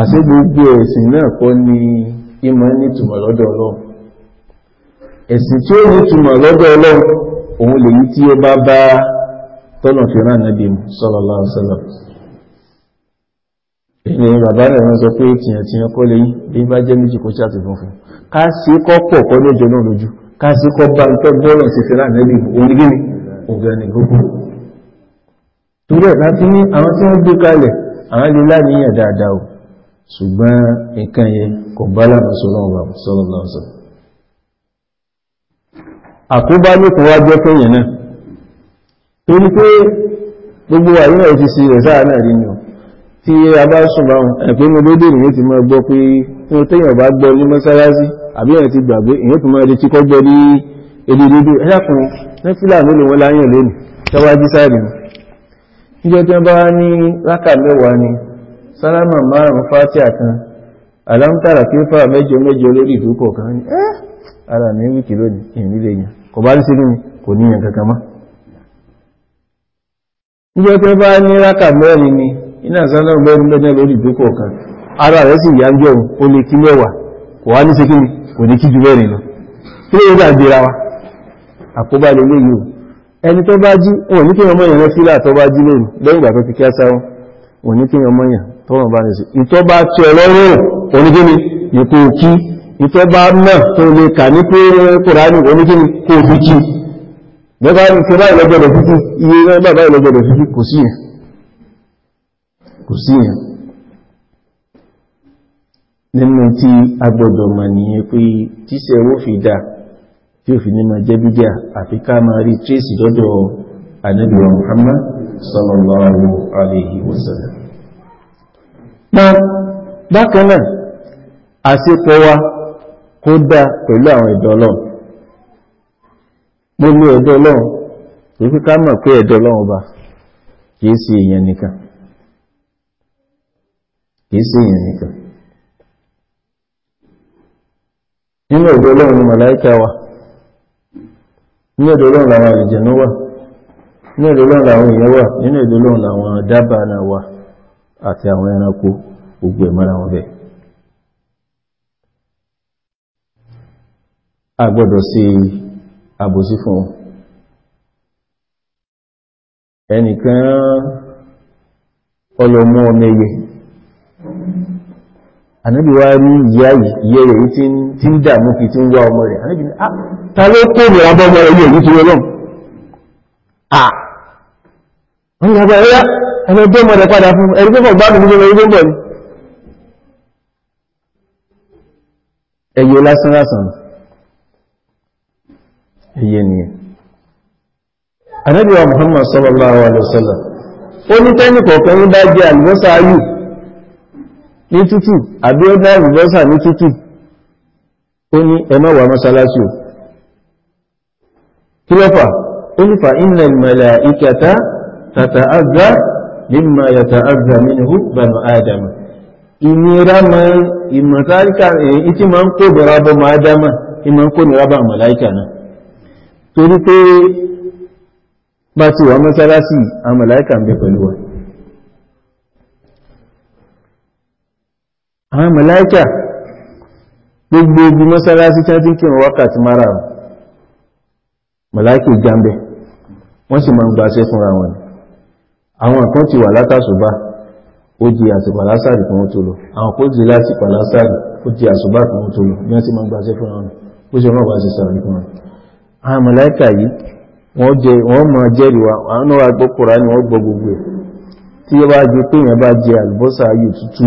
àti gbogbo ẹ̀sìn náà kọ́ ni ìmọ̀ nítumọ̀ lọ́dọ̀ ọlọ́run ẹ̀sìn tí ó nítumọ̀ lọ́dọ̀ ọlọ́run òun wasallam ilẹ̀ bàbá rẹ̀ wọ́n sọ pé tìyàn tìyàn kọ́ lẹ́yìn bí bá jẹ́ méjì kó kásíkọ́ bá ń tọ́ bọ́ọ̀rọ̀ sí fẹ́ràn nẹ́bí onígbìmí ọ̀gbẹ̀ni gbogbo torí ẹ̀ láti ní àwọn tí wọ́n gbé kalẹ̀ àwọn lè láníyàn dáadáa o ṣùgbọ́n nǹkan yẹn kò bá lánàá sọ náà wà sọ́rọ̀ náà sọ àkóbá ní kò wá jẹ́ fẹ́yìn náà torí pé gbogbo àyè náà ti ṣe rẹ̀ náà rí ni o tí a bá sùn báwọn ẹ̀pẹ́ mo dédé nìyẹn ti máa gbọ́ pé tí mo téèyàn bá gbọ́ ní mọ́sálásí àbí ẹ̀ ti gbàgbé èyí tó mọ́rẹ̀ tí kọ́ gbẹ́ ní èdè dédé ẹ̀yàkùn nẹ́fílà mélòó wọn láyàn lónìí tẹ́wájú sáàdì níjọ́ tí wọ́n bá ní rákà mẹ́wàá ni sálámà márùn-ún fátíà kan alámtàrà kí fà mẹ́jọ mẹ́jọ lórí ìdúkọ̀ kan ní ẹ́ ara mi wíkì lónìí ìrìnlẹ̀ yẹn kò bá ní sí ní kò níyàn kankan mọ́ níjọ́ tí wọ́n bá ní rákà mẹ́rin ni iná sálámà mẹ́rin lórí ìdúkọ̀ kan ara rẹ̀ sì yá ń jẹun ó lè kí mẹ́wàá kò wá ní ṣe kí ni kò ní kí jù mẹ́rin lọ kí ló gbà gbéra wa àkóbá lè lè yìí ẹni tó bá jí wọn ní kí ọmọ yẹn rẹ sílà tó bá jí lónìí lẹ́yìn ìgbà tó ti kíá sáwọn wọn ní kí ọmọ yẹn tọ́rọ̀ bá rẹ̀ sí ìtọ́ bá tí ọlọ́rùn onígíní ìkó kí ìtọ́ bá náà tó lè kà nínú tí a gbọ́dọ̀ mọ̀ nìyẹn pé tíṣẹ́ owó fi dà tí ò fi ní máa jẹ́ bídíà àfi ká máa rí tírèsì lọ́dọ̀ Ànábì wa Muhammad sallallahu bákan náà àṣepọ̀ wa kó dá pẹ̀lú àwọn ẹ̀dọ́ mo ẹ̀dọ́ kama ẹ̀dọ́ nínú ọ̀dọ̀ ọlọ́run ni màláíkà wà nínú ọ̀dọ̀ ọlọ́run làwọn àlùjànnú wà nínú ọ̀dọ̀ làwọn èèyàn nínú ọ̀dọ̀ làwọn dábàá àti àwọn ẹranko gbogbo ẹ̀mọ́ra wọn bẹ a àbòsí fún wọn ànábì wá rí ìyá ìyẹ́ rẹ̀ tí ń dàmú fi tí ń wá ọmọ rẹ̀ ànábì ah, ta ló kó mi abọ́mọ rẹ̀ yóò nítorí ọlọ́m ah, wọ́n ni àgbà ẹ̀yà ẹlẹ́gbẹ́ ọmọ rẹ̀ padà fún ẹ̀rí pẹ́pọ̀ gbádùn nínú ẹ̀rí pẹ́pọ̀ ni ẹ̀yẹ lásán lásán ẹ̀yẹ nìyẹn ànábì wa Muhammad sallallahu alaihi wasallam ó ní tẹ́nì kọ̀ọ̀kan ní bá jẹ́ àlùmọ́sà ayù ní tútù àbí ó dáàrù lọ́sà ní tútù ó ní ẹmọ́wà mọ́sálásí ò kí lọ́fà ó nífà innal malaikata tata'azza mimma yata'azza minhu banu adama ìnira ìmọ̀tálíkà ìtí ma ń kó bẹ̀rẹ̀ abọ́ ma ádámà ìmọ̀ ń kó nira bá màláìkà náà torí pé bá ti wà mọ́sálásí àmàláìkà ń bẹ pẹ̀lú wa àwọn màláíkà gbogbo ogun mọ́sálásí tí wọ́n ti wákàtí mara rùn màláíkà ìjàmbẹ̀ wọ́n sì máa ń gbaṣẹ́ fúnra wọn àwọn kan ti wà látàṣùbá ó di àsìkò alásàrì kan ó tó lọ àwọn kó di lásìkò alásàrì ó di àsùbá kan ó tó lọ bí wọ́n ti máa ń gbaṣẹ́ fúnra wọn ó sì rán wá sí sàrì fún wọn àwọn màláíkà yìí wọ́n máa jẹ́rìí wa àwọn náà wá wọ́n gbọ́ gbogbo ẹ̀ tí ó bá jẹ pé èèyàn bá jẹ àlùbọ́sà ayò tútù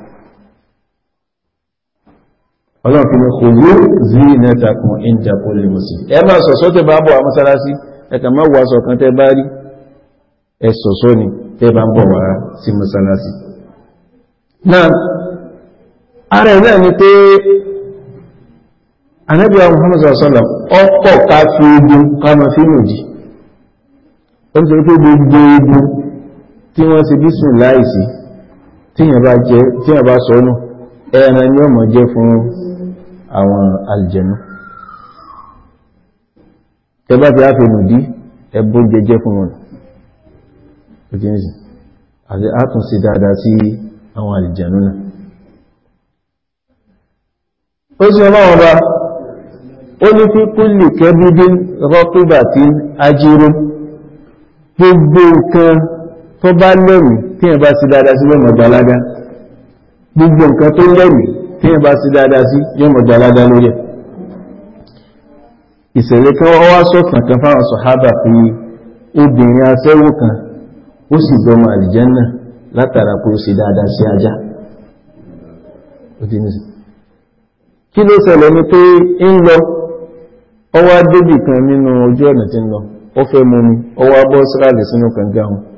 ọlọ́run fi ní kòwú zí nẹ́tàkùn ìjàkólè mọ̀sí ẹ máa sọ̀sọ́ tẹ bá bọ̀ amọ́sálásí ẹ̀kà máa wà sọ kan tẹ bá rí ẹ sọ̀sọ́ ni tẹ bá bọ̀ wá sí mọ́sálásí náà ara náà ni pé anábíà muhammadu sallam ọkọ̀ ká fi ogun ká máa fi lòdì ó ń torí pé gbogbo ogun tí wọ́n ti bísù láìsí tíyàn bá jẹ tíyàn ẹran ni ọmọ jẹ fún àwọn àlìjẹ̀nú tẹ́bá ti áfẹ́nù dí ẹbó jẹjẹ fún wọn àti átùnsí dáadáa sí àwọn àlìjẹ̀nú náà ó sì ọlọ́wọ́ bá ó ní fi kúlì kẹbídín rọ́pùbà tí ajíró gbogbo nǹkan tó bá lẹ́rù tí ẹ bá sí dáadáa sí lọ́mọ̀ gbalaga gbogbo nǹkan tó lẹ́rù téèyàn bá sí dáadáa sí yóò mọ̀ gbà ládá lórí ẹ̀ ìṣẹ̀lẹ̀ kan wá sọ̀tàn kan fáwọn sọ̀hábà pé kan ó sì dọmọ àlìjẹ́nà látara kó sí dáadáa sí kí ló ṣẹlẹ̀ ni pé ń kan nínú ojú ọ̀nà tí ń lọ ó fẹ́ mú mi ọwọ́ abọ́ síráàlì sínú kànga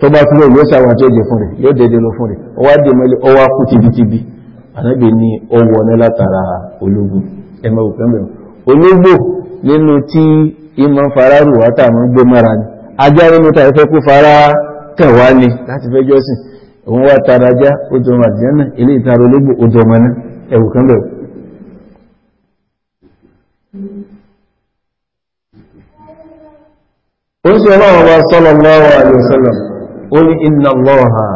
tó bá kúrò yóò sàwọn tí ó jẹ fún rẹ̀ yóò dédé lọ fún rẹ̀ ọwá dè mọ́lẹ̀ ọwá kú tibitibi ànábì ní ọwọ́ ọ̀nà látara ẹmọ ológbò nínú tí ìmọ̀ fara rù wátà mọ́ gbé mara ni ajá nínú tàbí fara kẹwà ni láti fẹ́ jọ́sìn òun wá tara ajá ó jọ ilé ìtara ológbò ó jọ ó ní inna Allaha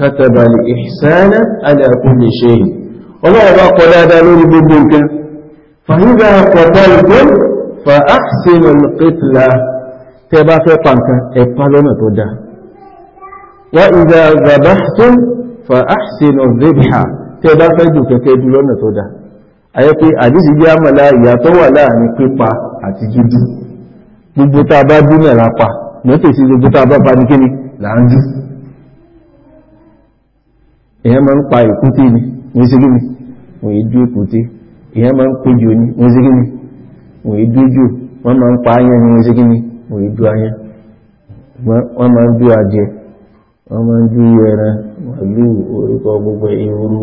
kataba al-ihsana ala kulli shay ọlọ́run bá kọ dáadáa lórí gbogbo nǹkan fàyíbà kọ̀tà ìgbó fa ahsinu al-qitla tẹ bá fẹ́ pàǹkan ẹ̀pá lọ́nà tó dáa wa idha zabahtum fa ahsinu al-dhabha tẹ bá fẹ́ jù kẹ̀kẹ́ jù lọ́nà gbogbo tá bá bá ní kíni láàájú èyàn máa ń pa ìkúté ni wọ́n sí gíní wọ́n èdú ìkúté èyàn máa ń péjò ní wọ́n sí gíní wọ́n èdú jò wọ́n máa ń pa ayán ní wọ́n sí gíní wọ́n èdú ayán wọ́n máa ń dú àjẹ wọ́n máa ń dú ẹran pẹ̀lú orúkọ gbogbo ehoro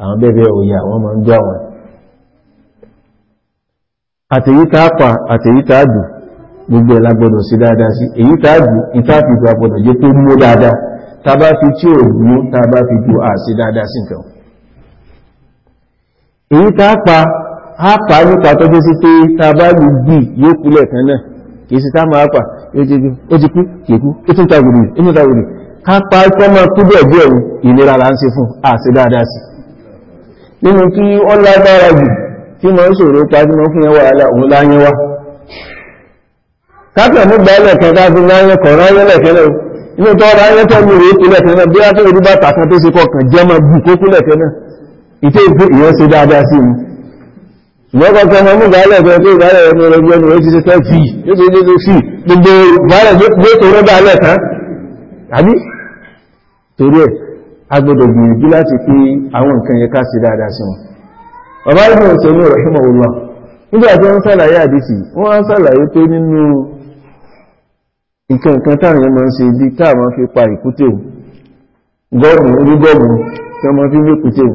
àwọn bẹ́ẹ̀bẹ́ òyà wọ́n máa ń dú àwọn àtèyí tá a pa àtèyí tá a dùn gbogbo ẹ̀lá gbọdọ̀ sí dáadáa sí èyí tààbù ìtààfihàn àpọ̀dọ̀ jẹ́ tó mú dáadáa tàbá fi tí ò mú tàbá fi bú à sí dáadáa sí nǹkan èyí tààpa àpá nípa tó jẹ́ sí pé tàbá lù gbì yóò kúlẹ̀ kan náà kìí sí tá máa pà ó ti kú kìíkú ó tún tàgùrì inú tàgùrì kápá ikọ́ máa kú bẹ̀ bí ẹ̀rù ìlera là ń ṣe fún à sí dáadáa sí nínú kí ọlágbára jù tí mo ń ṣòro pa tí mo fún yẹn wà láyẹn wá kápẹ̀ mú gba ẹlẹ́kẹ́ ká fi ráyẹ́ kọ̀ ráyẹ́ lẹ́kẹ́ lẹ́ inú tọ́ ráyẹ́ tọ́ mi rèé kúlẹ̀ tẹ́lẹ̀ bí wáṣẹ́ orí bàtà kan tó ṣe kọkàn jẹ́ mọ́ bù kó kúlẹ̀ tẹ́lẹ̀ ìté ìfẹ́ ìyẹn ṣe dáadáa sí mi ṣùgbọ́n kọ́kọ́ ọmọ mú gbálẹ̀ kan tó gbálẹ̀ ẹni rẹ̀ gbẹ́nu rẹ̀ ti ṣe fẹ́ fi yóò ṣe léṣe sí gbogbo gbálẹ̀ yóò tó rẹ́ gbálẹ̀ kan tàbí torí ẹ̀ a gbọ́dọ̀ gbìyànjú láti fi àwọn nǹkan yẹ ká sí dáadáa sí wọn bàbá ìfẹ́ nǹkan nǹkan táàrin ọmọ ṣe bí káàmọ́ fi pa ìkúté gọ́ọ̀mù orí gọ́ọ̀mù tí ọmọ fi ní ìkúté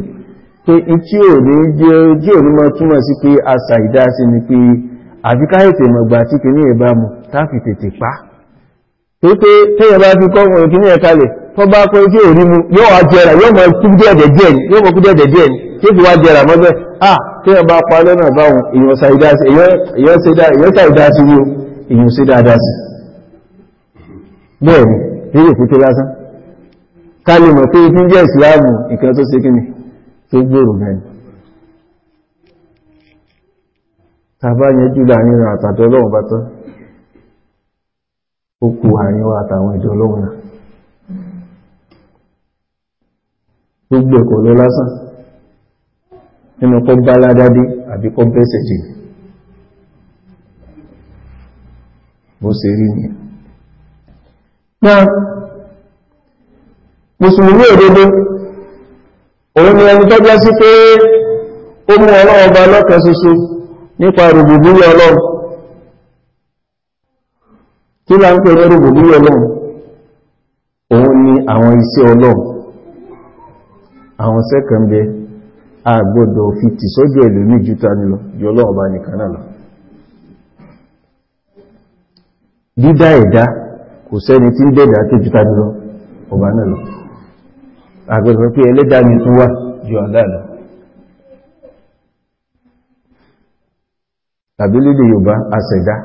pé tí ò ní jẹ́ ojú òní máa túmọ̀ sí pé àṣà ìdásí ni pé àfi káyètè mọ̀gbà tí kìíní ẹ̀ bá mu táfi tètè pa tó pé téèyàn bá fi kọ́kùn ìkíní ẹ̀ kalẹ̀ tó bá pé tí ò ní mu yóò wá jẹrà yóò mọ kú dẹ̀dẹ̀ díẹ̀ ni yóò mọ kú dẹ̀dẹ̀ díẹ̀ ni tí fi wá jẹrà mọ́bẹ̀ à téèyàn bá pa lọ́nà báwọn èèyàn ṣàìdásí èèyàn ṣàìdásí ni o èèyàn ṣe dáadáa sí i bẹ́ẹ̀ ni nínú òkúté lásán ká lè mọ̀ pé fún jẹ́ ìsìláàmù nǹkan tó ṣe kíni tó gbòòrò mẹ́rin tàbá yẹn jù láàrin àtàjọ ọlọ́run bá tán ó kù àárín wa àtàwọn ìjọ ọlọ́run náà gbogbo ẹ̀kọ́ lọ lásán nínú kọ́ bá ládádé àbí kọ́ bẹ́sẹ̀ jì bó ṣe rí nìyẹn pẹ́ mùsùlùmí òdodo òun ni ẹni tọ́jọ́ sí pé ó mú ọlọ́ọba lọ́kàn ṣoṣo nípa ọlọ́run kí la ń pè ní ọlọ́run òun ni àwọn iṣẹ́ ọlọ́run àwọn sẹ́kànbẹ àgbọ́dọ̀ fi tì sọ́jọ́ ní jùta nílọ yọ ọlọ́ọba nìkan kò sẹ́ni tí ń dẹ̀dà tó jù tàbí lọ ọba náà lọ àgbẹ̀rẹ̀ pé ẹlẹ́dà mi tún wà ju àdá lọ tàbí lédè Yorùbá àṣẹ̀dá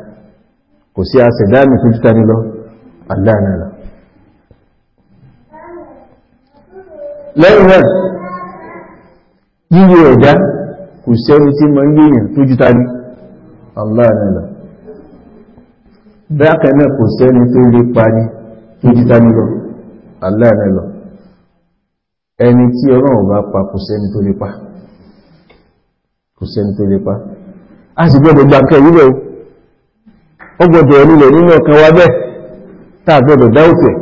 kò sí àṣẹ̀dá mi tó jù tàbí lọ àdá náà lọ lẹ́yìn náà yíyí ẹ̀dá kò Allah náà lọ bákan náà kò sẹ́ni tó lè parí tó títà nílọ aláàrẹ ẹni tí ọlọ́run bá pa kò sẹ́ni tó lè pa kò pa a sì gbọ́dọ̀ gba nǹkan ìwúlẹ̀ ó gbọ́dọ̀ ẹ̀lúlẹ̀ nínú ọkàn wa bẹ́ẹ̀ tá gbọ́dọ̀ dáútẹ̀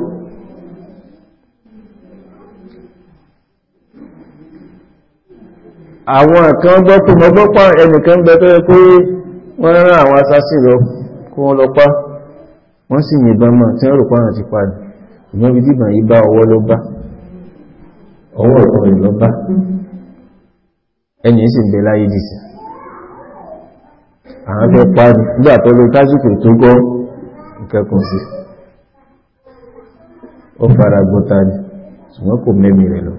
àwọn kan gbọ́ tó mọ́gbọ́pá ẹnìkan gbẹ́ tó yẹ pé wọ́n rán àwọn asásí lọ kí wọ́n lọ pa wọ́n sì yìnbọn mọ̀ tí wọ́n rò pàrọ̀ ti padà ìgbọ́n bí dìbọn yìí bá ọwọ́ ló bá ọwọ́ ọ̀tọ̀ rẹ̀ lọ bá ẹni sì ń bẹ láyé dìsì àwọn fẹ́ parí nígbà tó ló tásìkò tó gọ́ ìkẹ́kọ̀ọ́ sí ó fara gbọ́ta ni ṣùgbọ́n kò mẹ́mí rẹ̀ lọ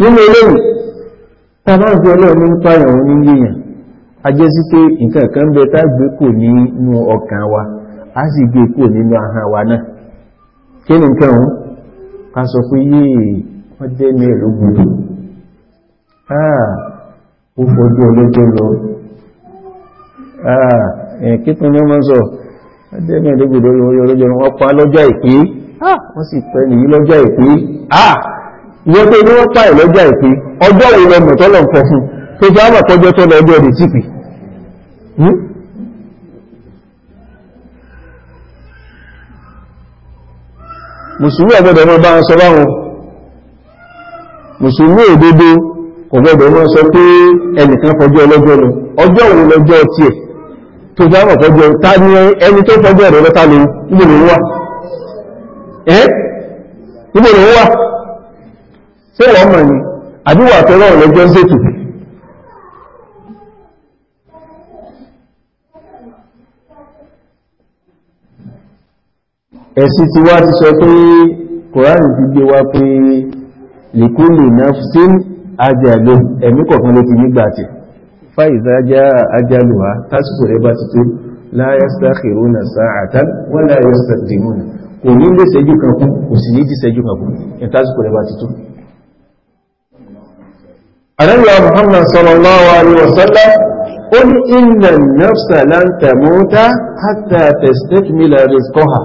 nínú eléyìí tàbá ń fi ọlọ́run ní pààyàn òun ní yíyàn a jẹ́ sí pé nǹkan kan bẹ tá gbé kò nínú ọkàn wa a sì gbé kò nínú ahọ́n wa náà kí ni nǹkan òun ká sọ pé yéè wọ́n dẹ́ ní ẹ̀lógún ó fọjú ọlọ́jọ́ lọ kíkún ní ọmọ sọ ọdẹ́ ní ẹ̀lógún lọ́jọ́ wọ́n pa lọ́jọ́ ìpé ah, wọ́n sì pẹ́ nìyí lọ́jọ́ ìpé ah, ìwọ́n tó ní wọ́n pa ìlọ́jọ́ ìpé ọjọ́ ìlọ́mọ̀ tọ́lọ̀ fọ́ fún tó jẹ́ àmàkọjọ́ tọ́lọ̀ ọjọ́ ìdìtìpì Hmm? mùsùlùmí ọ̀gbọ́dọ̀ mọ́ bá sọ báwọn mùsùlùmí òdodo ọ̀gbọ́dọ̀ mọ́ sọ pé ẹnìkan fọjọ́ ọlọ́jọ́ lọ ọjọ́ òun lọ́jọ́ tí ẹ̀ tó dáwọ̀ fọjọ́ ta ní ẹni tó fọjọ́ ẹ̀rọ lọ́ta lè ṣé wọ́n mọ̀ àdúwà tọ́rọ̀ ọ̀lọ́jọ́ ẹ̀sì tí wá ti sọ pé kòránì ti gbé wá pé lìkúlì nafsin ajalu ẹ̀mí kọ̀kan ló ti nígbà tí fáìzájá ajalu wa tásìkò rẹ̀ bá ti tó la yastakhiruna sa'atan wa la yastaqdimuna kò ní lè ṣẹ́jú kan kún kò sì ní ti ṣẹ́jú kan kún inna nafsa lan tamuta hatta tastakmila rizqaha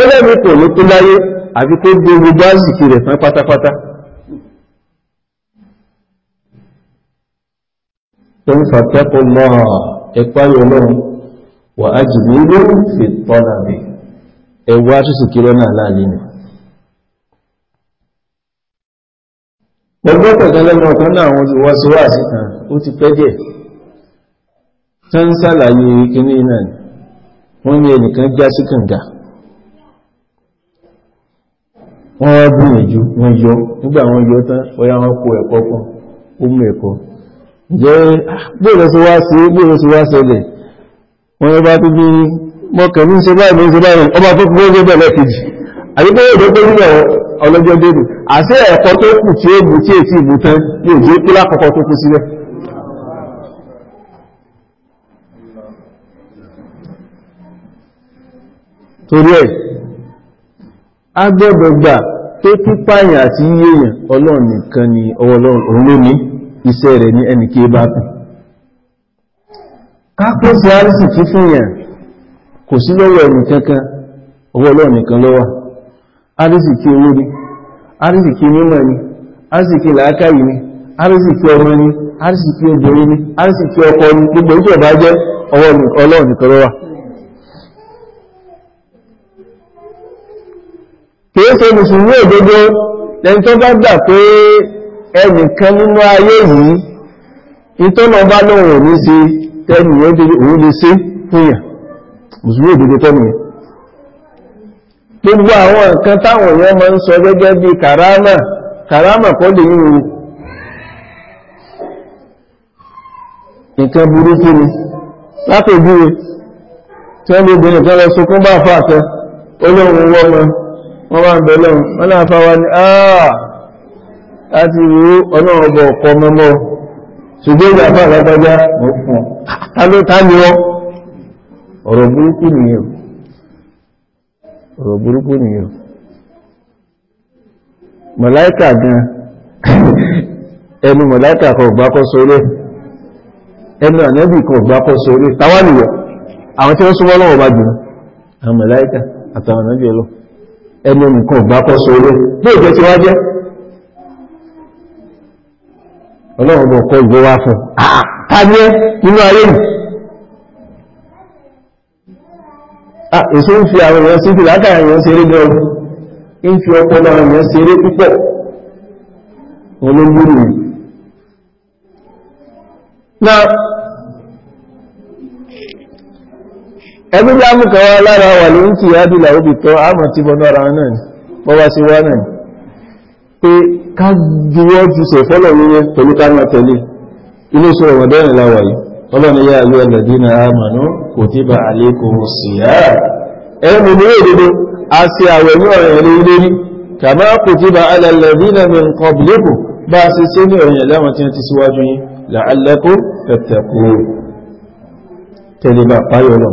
ó lẹ́nu kò ló tó láyé àfi kó gbé gbogbo àsìkò rẹ̀ tán pátápátá tó ń fàtẹ́kù náà ẹ̀páyọ̀ ọlọ́run wà á jì ní ilé fi tọ́nà rẹ̀ ẹ̀wọ́ àṣìṣìkí lọ́nà láàrin nù ẹgbẹ́ kọ̀ọ̀kan lẹ́nu ọ̀kan náà àwọn ti wá kan ó ti pẹ́ díẹ̀ tó ń sàlàyé wọ́n ní ẹnìkan já sí kànga wọ́n wá gbìyànjú wọ́n yọ nígbà wọ́n yọ tán bóyá wọ́n kó ẹ̀kọ́ kan ó mú ẹ̀kọ́ ǹjẹ́ ah, bóòlù sí wá sí bóòlù sí wá sẹlẹ̀ wọ́n yọ bá tó bí mọ́kẹ̀ ní ṣe báyìí ní ṣe báyìí ọba tó kú lórí bẹ̀rẹ̀ kejì àyíkọ́ òdó pé nílẹ̀ ọlọ́jọ́ débù àṣẹ ẹ̀kọ́ tó kù tí ó bù tí èsì ìbù tán yóò jẹ́ kí lákọ̀ọ́kọ́ tó kú sílẹ̀ torí ẹ̀ a gbọ́dọ̀ gbà pé pípààyàn àti yíyèyàn ọlọ́run nìkan ni ọlọ́run ló ní iṣẹ́ rẹ̀ ní ẹni kí bá kù kápẹ́sì àrísì kò sí lọ́wọ́ ẹni kankan ọwọ́ ọlọ́run nìkan àrísì kí àrísì kí mímọ̀ ọmọ ni àrísì kí obìnrin ni àrísì ọkọ ni gbogbo ìjọba jẹ́ ọwọ́ ọlọ́run nìkan kìí ṣe mùsùlùmí òdodo lẹ́ni tó bá gbà pé ẹnìkan nínú ayé yìí ìtọ́nà bá lọ́wọ́ ní sí tẹ́nì òun lè sí fúnyà mùsùlùmí òdodo tẹ́nì gbogbo àwọn nǹkan táwọn èèyàn máa ń sọ gẹ́gẹ́ bí kàrámà kàrámà kọ́ lè yíò nǹkan burúkú ni látòjúwe tí wọ́n lè obìnrin kan lọ sọkún bá fà kan olóhun wọ́n máa wọ́n wá ń bẹ̀ wọ́n náà fáwa ní àà láti wú ọ̀nà ọ̀pọ̀ mọ́mọ́ ṣùgbọ́n ìgbà fà lágbájá ọ̀pọ̀ ta ọ̀rọ̀ burúkú nìyẹn àwọn tí wọ́n súnmọ́ lọ́wọ́ bá ẹnu nǹkan ìgbàkọ́sọ olé bí ìjẹ́ tí wá jẹ́ ọlọ́run bọ̀ kọ ìgbówá fún àtàbí inú ayé yìí èso ń fi àwọn èèyàn síbi látàrí èèyàn ṣeré gan ń fi ọpọlọ àwọn èèyàn ṣeré púpọ̀ olóngbòrò yìí ẹbí bá mú kan wá lára wà ní kí adúlà ó bì tọ́ àmà tí bọ́nà ara náà ni bọ́wá sí wá náà pé ká gbíwọ́ ju sẹ̀fọ́lọ̀ yẹyẹ pẹ̀lú ká máa tẹ̀lé inú sọ Ramadan láwà yìí ọlọ́ni yá alú alladhina amanu kutiba alaykumus siyam ẹnu ní èdèdè a ṣe àwẹ̀ ní ọ̀rẹ́ tẹ̀lé bá páyọ̀ náà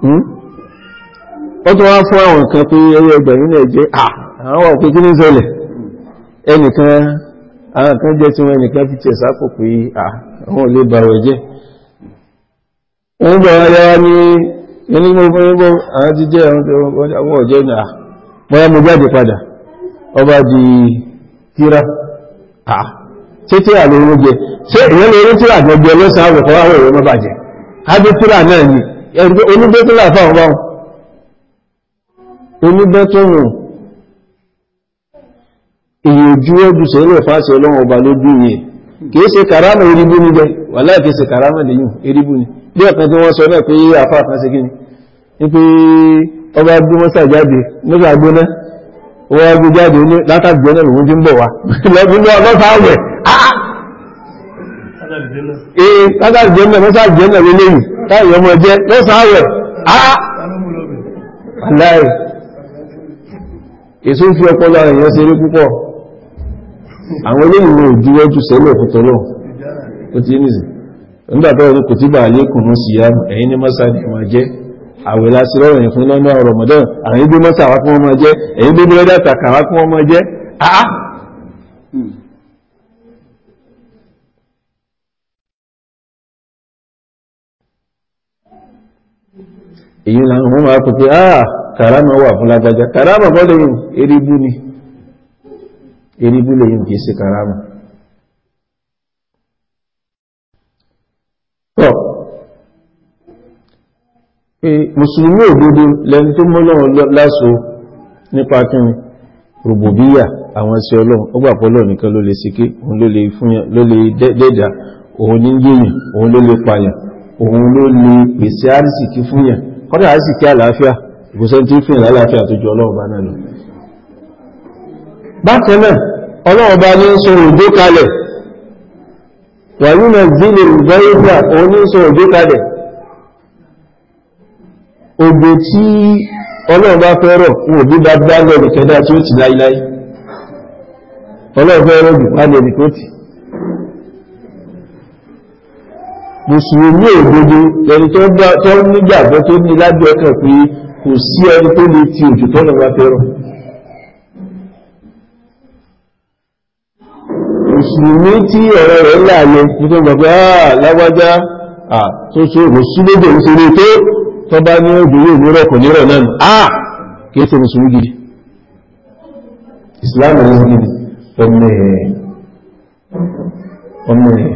Hmm? ó tún wá fún àwọn kan pé ẹyẹ ẹgbẹ̀rún náà jẹ́ àwọn wà kí ní ṣẹlẹ̀ ẹnìkan àwọn kan jẹ́ tí wọ́n ẹnìkan fi tẹ̀ sápò pé àwọn olè bàwẹ̀ jẹ́ wọ́n gbà ní àwọn ti jẹ́ àwọn jáde padà ọba di kíra títí àlè oúnjẹ tíra lọ́sàn-án ẹgbẹ́ onígbé tó láàfà ọmọ onígbé tó nù èyí ojú ẹjù sẹ́lẹ̀ fásẹ̀ ọlọ́run ọba lójú yìí kìí ṣe kàrámà eribú ní jẹ wà láì kìí ṣe kàrámà lèyìn eribú ni bí ọ̀kan tí wọ́n sọ náà pé àfà kan sí kíni wípé ọba bí wọ́n sàjáde nígbà gbóná wọ́n wá gbé jáde ní látàgbé náà lòun ti ń bọ̀ wá lọ́dún lọ́wọ́ lọ́sàá wẹ̀ ah! látàgbé náà eh, lọ́sàá jẹ́ náà lélẹ́yìn táyì ọmọ jẹ́ lọ́sàn àwẹ̀ àá aláì èso fi ọpọlọ èèyàn ṣeré púpọ̀ àwọn olóyìnbó òjúwọ́jú sẹ́lẹ̀ òkútọ́lọ̀ ó ti nìsì nígbàtọ́ ní kò tí bà lékùn ní sí yàmù ẹ̀yìn ní mọ́sá ní ọmọ jẹ́ àwẹ̀ láti rọrùn ìfún lọ́nà Ramadan àwọn ibi mọ́sá wá kún ọmọ jẹ́ ẹ̀yìn bí búrẹ́dà tàkà wá kún ọmọ èyí náà wọ́n máa kò pé àà kàrámà wà fún lágbàjá kàrámà bọ́ lẹ́yìn erébú ni erébú lẹ́yìn kìí ṣe kàrámà tọ́ pé mùsùlùmí òdodo lẹni tó mọ́ lọ́wọ́ láṣọ nípa kíni rògbòbíyà àwọn ẹsẹ̀ ọlọ́run ó gbà pọ́lọ́ nìkan ló lè síké òun ló lè fúnyàn ló lè dẹ́dà òun ní yéèyàn òun ló lè pààyàn òun ló lè pèsè àrísìkí fúnyàn kọ́dà á sì kí àlàáfíà ìgbòsẹ́ tí fún ìlàláfíà tó jọ ọlọ́ọ̀bá náà lọ bákanáà ọlọ́ọ̀bá ní sọ òjò kalẹ̀ wà nínú zílẹ̀ ìgbẹ́rẹ́gbà òun ní sọ òjò kalẹ̀ ògbò tí ọlọ́ọ̀bá fẹ́rọ̀ wò bí bá gbá lẹ́nìkẹ́dá tí ó ti láíláí ọlọ́ọ̀fẹ́rọ̀ jù wá lẹ́nìkó ti mùsùlùmí òdodo ẹni tó nígbàgbọ́ tó ní lábí ọkàn pé kò sí ẹni tó lè ti òjò tọ́nà wá fẹ́ràn mùsùlùmí tí ọ̀rọ̀ rẹ̀ láàyẹ nítorí gbàgbà láwájá àtúnṣe òsúlódò ń ṣeré tó ah, tọ́bá ní obìnrin òmíràn kò nírọ̀ náà à kìí ṣe mùsùlùmí gidi ìsìláàmù ní gidi ọmọ ẹ̀ ọmọ ẹ̀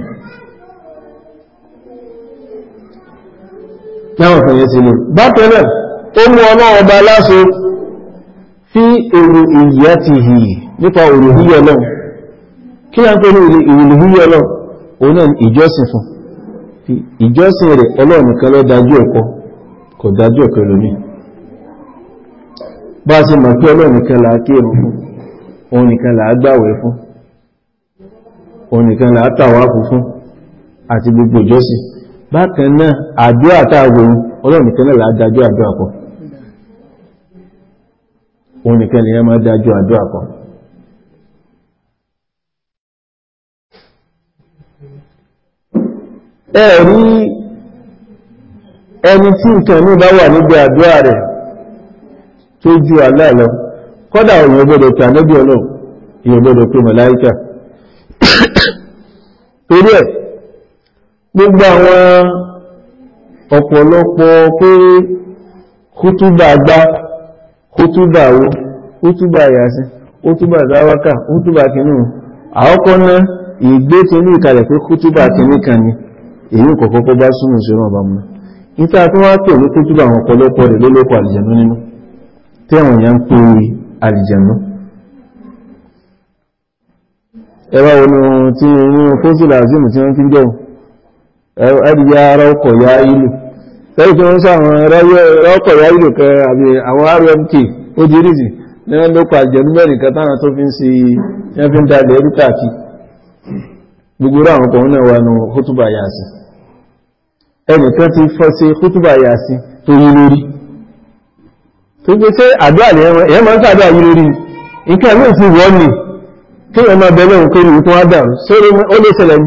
láwọn fẹ̀yẹ sí lè bákanáà ó mú ọlọ́wọ́ bá láṣọ fí èrò ìyẹ́ ti hì nípa òrùhúyẹ náà kí a ń pè ní òrùhúyẹ náà òun náà ìjọsìn fún ìjọsìn rẹ̀ ọlọ́run nìkan ló dájú ẹ̀kọ́ kò dájú ẹ̀kọ́ àti gbogbo ìjọsìn bákan náà àdúrà táwọn ọlọ́run nìkan náà ládájú àdúrà pọ̀ òun nìkan nìyẹn máa dájú àdúrà pọ̀ ẹ̀rí ẹni tí nǹkan ní bá wà níbi àdúrà rẹ̀ tó ju àlá kọ́dà òun ògbọ́dọ̀ pé ànẹ́bí gbogbo àwọn ọ̀pọ̀lọpọ̀ pé kútúbà gbá kútúbà wo kútúbà yàsí kútúbà záwákà kútúbà kìnnú àọ́kọ́ náà ìgbé tí ní ìkàlẹ̀ pé kútúbà kìnní kan ni èyí kọ̀kọ́kọ́ bá súnmù sí ọmọ ọba mú ìta tó wá pè ní kútúbà àwọn ọ̀pọ̀lọpọ̀ rẹ̀ lólópọ̀ àlìjẹ̀nú nínú tí àwọn èèyàn ń pè àlìjẹ̀nú ẹwà wọn tí inú fósìlà azimu tí wọ́n fi ń jẹun ẹ̀rìyà rọ́kọ̀yà ìlú ọkọ wọ́n sáwọn rọ́kọ̀yà ìlú kan àbí àwọn rmk ó di rízì ní wọ́n lókọ àjẹ̀lúmẹ́rin katára tó fi ń sí ẹfin dalẹ̀ gbogbo àwọn kan náà wà nù hútùbà yàsí ẹnìkan ti fọ́ sí hútùbà yàsí tó yí lórí tó gbé àdúrà ní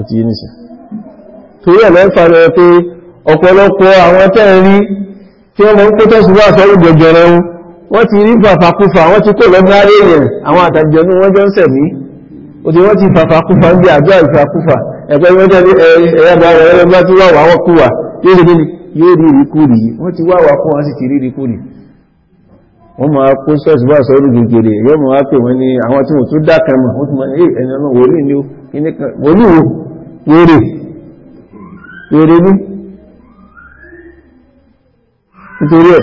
ó ti yé nìsìn torí ẹ̀lẹ́fà rẹ̀ pé ọ̀pọ̀lọpọ̀ àwọn tẹ́ẹ̀rí tí wọ́n mọ̀ ń kó tẹ́sùwá sọ́rọ̀ jẹjẹrẹ wọ́n ti rí fàfàkúfà wọ́n ti kó lọ́gbárí èèyàn àwọn àtàjẹ̀nú wọ́n jọ ń sẹ̀mí ó ti wọ́n ti fàfàkúfà ń bí àjọ ìfàkúfà ẹ̀pẹ́ wọ́n jẹ́ ẹ̀yàbà rẹ̀ ẹlẹ́gbá tí wà wà wọ́n kúwà yóò ṣe débi yóò rí rí kúrì wọ́n ti wà wà fún wọn sì ti rí rí kúrì wọ́n máa kó sọ́ọ̀sì bá sọ́ọ́rọ̀ gègèrè yóò máa pè wọ́n ní àwọn tí wọ́n tún dákan mọ̀ wọ́n ti máa ní ẹni ọlọ́run wòlíì ni ó wèrè wèrè ní nítorí ẹ̀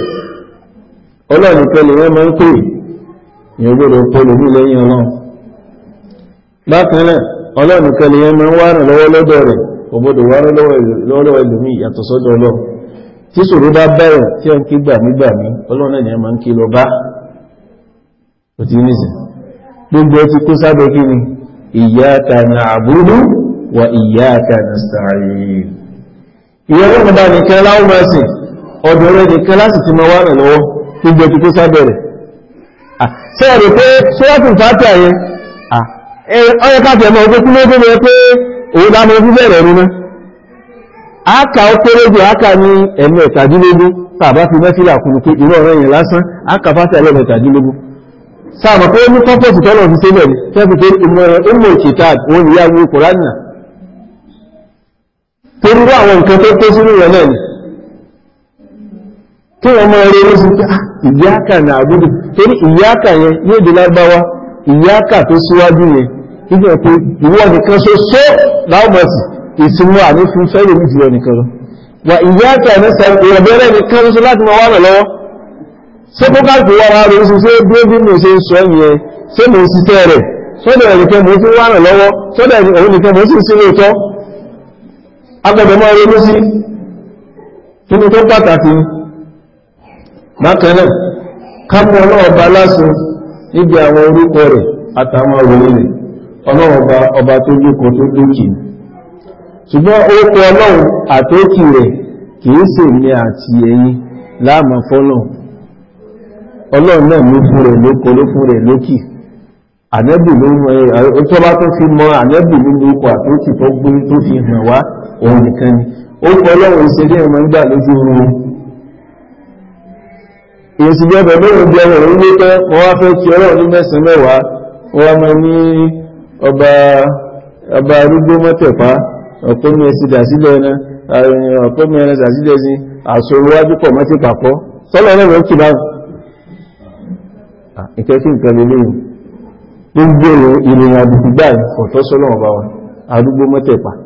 ọlọ́nìkẹlẹ̀ wọ́n máa ń pè èyàn gbọ́dọ̀ ní lẹ́yìn ọlọ́run bákanlẹ̀ ọlọ́nìkẹlẹ̀ wọ́n máa ń wárùn lọ́wọ́ lọ́dọ̀ rẹ̀ lọ́wọ́ ẹlòmí sọ́dọ̀ ọlọ́run tí wa iyyaka nasta'in ìyẹ́wọ́n nígbà nìkan láwọn máa sìn ọ̀dọ̀ rẹ̀ nìkan láti ti máa wà rẹ̀ lọ́wọ́ tó gbé tó sábẹ̀ rẹ̀ sẹ́ẹ̀rẹ̀ pé òun aka ó kéré jù aka ní eme ẹ̀tàdínlógún tàbá fi kùnú pé yẹn lásán aka fàtí àlẹ́ ẹ̀tàdínlógún sáàmù pé ó ní ní pé ìkìtà òun ìyá torí rú àwọn nǹkan tó kó sínú rẹ̀ náà ni kí wọ́n máa rí orísun pé ah, ìyáàkà ní àgbúdù torí ìyáàkà yẹn yóò dé lágbáwá ìyáàkà tó síwájú yẹn nígbà pé ìwọ nìkan ṣoṣo láwọ̀mọ̀sì ìsinmi àní fún fẹ́rẹ̀ ní ìjìyà nìkan lọ wà ìyáàkà ní ìrọ̀bẹ̀rẹ̀ nìkan ṣoṣo láti máa wà rẹ̀ lọ́wọ́ ṣé kó káàkiri wà rà rẹ̀ ṣe bí bí mo ṣe ń sọ yẹn ṣé mo ń ṣiṣẹ́ rẹ̀ sọ́dọ̀ ẹ̀nìkan mo fi wà rẹ̀ lọ́wọ́ sọ́dọ̀ ẹ̀nìkan mo sì sí lóòótọ́ agbọ́dọ̀ máa ronú sí inú tó pàtàkì bákanáà kápọ̀ náà bá lásán níbi àwọn orúkọ rẹ̀ àtàwọn òròyìn ọba tó jókòó tó dókì ṣùgbọ́n orúkọ ọlọ́run àtókì rẹ̀ kìí sì ní àti ẹ̀yìn láàmà fọ́lọ̀ òun nìkan ni ó kọ́ ọlọ́run ìṣeré ọmọ ń gbà lójú oorun èyí sì jẹ́ bẹ̀rẹ̀ òun bí ọmọ òun ló tẹ́ wọ́n wá fẹ́ kí ọlọ́run ní mẹ́sàn-án mẹ́wàá wọ́n máa ní ọba ọba arúgbó mọ́tẹ̀pá ọ̀pọ̀ mi ẹ̀sì dàsílẹ̀ ẹ̀nà ọ̀pọ̀ mi ẹ̀nà dàsílẹ̀ sí àṣòro wájú pọ̀ mọ́tì pàpọ̀ sọ́lọ̀ ẹ̀nà ìwọ̀n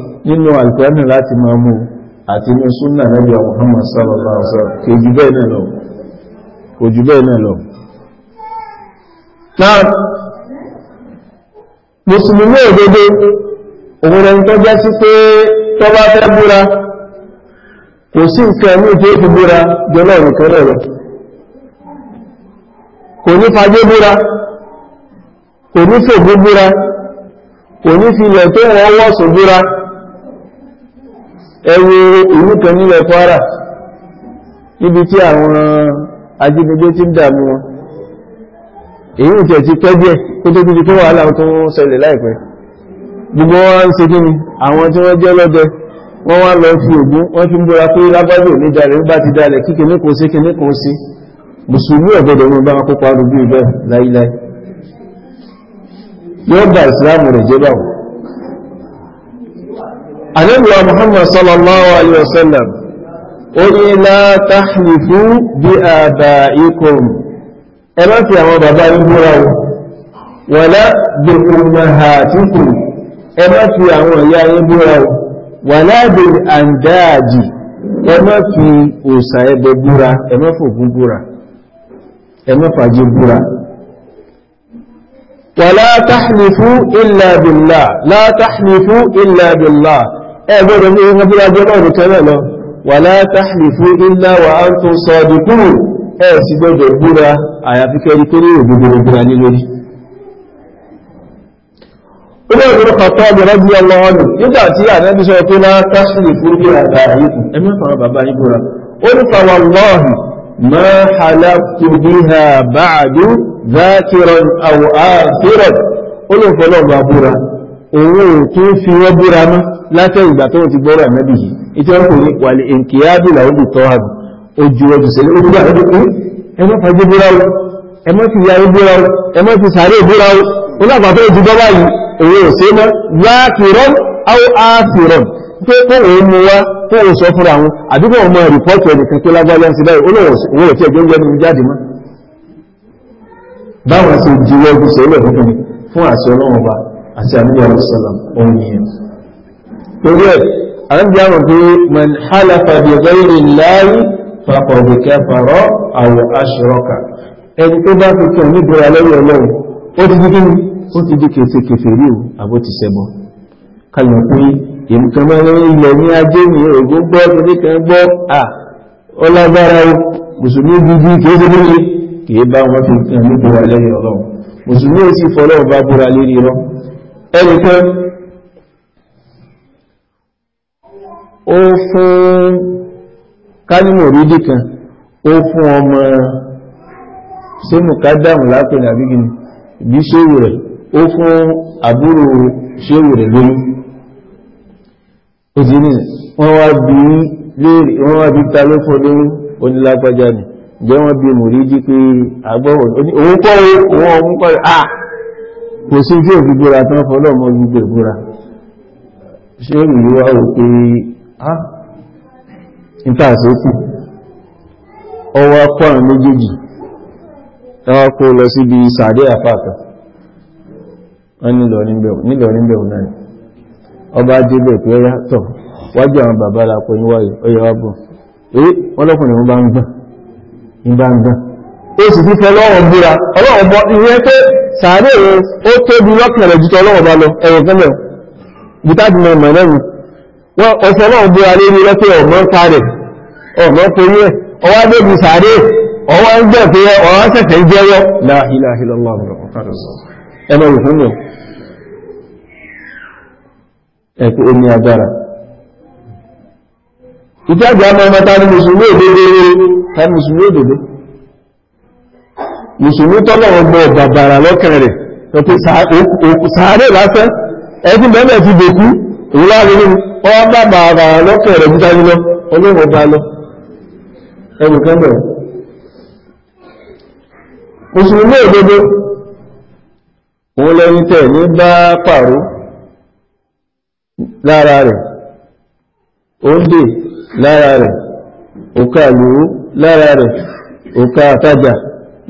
nínú alkùránì láti máa mú àti inú súnnà Nábì Muhammad sallallahu alaihi wasallam kò jù bẹ́ẹ̀ náà lọ kò jù bẹ́ẹ̀ náà lọ náà mùsùlùmí òdodo òun ẹni tó jẹ́ sí pé tó bá fẹ́ búra kò sí nǹkan ní ìjẹ́ ìfi búra jọlọ́ nìkan náà kò ní fagé búra kò ní fògbó búra kò ní filẹ̀ tó wọ́n wọ́sùn búra ẹ wo ìlú kan nílẹ̀ Kwara níbi tí àwọn ajínigbé ti ń dààmú wọn èyí ìtẹ̀ ti pẹ́ díẹ̀ kó tó ti di pé wàhálà tó ń ṣẹlẹ̀ láìpẹ́ gbogbo wọn ń ṣe kí ni àwọn tí wọ́n jẹ́ lọ́dẹ wọ́n wá lọ fi ògún wọ́n fi ń bóra pé lábábí ò ní dalẹ̀ ń bá ti dalẹ̀ kí kìíní kò sí kìíní kò sí mùsùlùmí ọ̀gbọ́dọ̀ mú bá wọn kópa rúgbìn bẹ́ẹ̀ láíláí yóò bà ìsìlámù rẹ̀ jẹ́ báwọn àníbíwá muhammad sallallahu alayhi wa sallam ó ní látàhìlì fún bí àbà ikùn ẹ má fi àwọn bàbá yín búra o wàlá bí ummahatikum ẹ má fi àwọn ìyá yín búra o wàlá bí àndáàjì ẹ fi òòsà ẹbọ búra ẹ má búra ẹ má búra ولا تحلفوا إلا بالله لا تحلفوا إلا بالله ẹ gbọ́dọ̀ ní ìwọ̀n bí náà nìkan lọ wà látàlì fún ilá wà á ń tún ẹ sì gbọ́dọ̀ búra ní ní lórí fún òun ò kí ń fi wọ́n búra mọ́ látẹ̀ ìgbà tó ti gbọ́rọ̀ ànábì yìí ìtí wọ́n kò ní wàlẹ̀ èkè ábìlà ó bù tọ́ àbù ojú ọjọ́ sẹ́lẹ̀ ojú bá ọjọ́ pé ẹ má fàájú búra o ẹ má fi yàrá búra o ẹ má fi sàárè búra o ó lágbà tó ju bọ́ báyìí òun ò sí mọ́ fún àṣọ bá àti àníyàn ìsọ̀lá òun yẹn torí ẹ̀ àrẹ́bí àwọn pé man halafa bi ghayri llahi faqad kafara aw ashraka ẹni tó bá fi kàn níbúra lẹ́yìn ọlọ́run ó ti dídí ní ó ti di kèsè kèsè rí o àbó ti ṣẹbọ kalẹ̀ pé nǹkan máa ń ilẹ̀ ní ajé ní ògún gbọ́ torí kan gbọ́ à ó o mùsùlùmí gidi kìí ṣe nílé kìí bá wọn fi kàn níbúra lẹ́yìn ọlọ́run mùsùlùmí ò sì fọlọ́ọ̀ bá búra lérí lọ́wọ́ ẹnìkan ó fún kánìmò rídì kan ó fún ọmọ símù kádàmù lápẹ̀lẹ̀ àbígini bí ṣéwù rẹ̀ ó fún àbúrò ṣéwù rẹ̀ lóyún òtí ní wọ́n wá bí léèrè wọ́n wá bí ta ló fún lóyún onílágbájá ni jẹ́ wọ́n bí mò rídì pé àgbọ́wọ̀ owó kọ́ owó ọmú kọ́ ah kò sí tí ò fi búra tó fọ́lọ́ gbogbo ṣe ò yíó wá wò pé á ìtàṣókù ọwọ́ apọ́ àwọn méjèèjì ẹwà kó lọ síbi sàdé àpáta wọ́n nílọrin bẹ̀rù náà ọba débẹ̀ pé ọyá tọ̀ wájú àwọn bàbá lápọ̀ níwáyé sàárè rẹ̀ ó tóbi lọ́kàn rẹ̀ jùtọ́ ọlọ́wọ̀ bá lọ ẹ̀wọ̀n kan mẹ́rin bùtàdì mọ̀ mọ̀ lẹ́nu wọn ọ̀sẹ̀ náà bóra lé ní lọ́pẹ́ ọ̀mọ́ ń parẹ̀ ọ̀mọ́ torí ẹ̀ ọwá débi sàárè ọwá ń gbẹ̀ pé ọwá sẹ̀sẹ̀ ń jẹ́wọ́ la ilaha illallah ẹmọ yìí fún mi ẹ̀kú omi agbára ìjáde àmọ́ ọmọ ta ni mùsùlùmí tọ́lọ̀wọ̀ gbọ́ bàbàrà lọ́kàn rẹ̀ pẹ̀pẹ̀ sàárè lásán ẹkùn bẹ́ẹ̀ ti dèkú ìwúláàrin ọba bàbàrà lọ́kàn rẹ̀ búta nílọ ọlọ́run ọba lọ ẹnìkan bẹ̀rẹ̀ mùsùlùmí òdodo òun lẹ́ni tẹ̀ ní bá pàró lára rẹ̀ òǹdè lára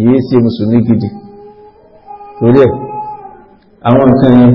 ìyé ṣe mùsùlùmí gidi torí ẹ̀ àwọn nǹkan yẹn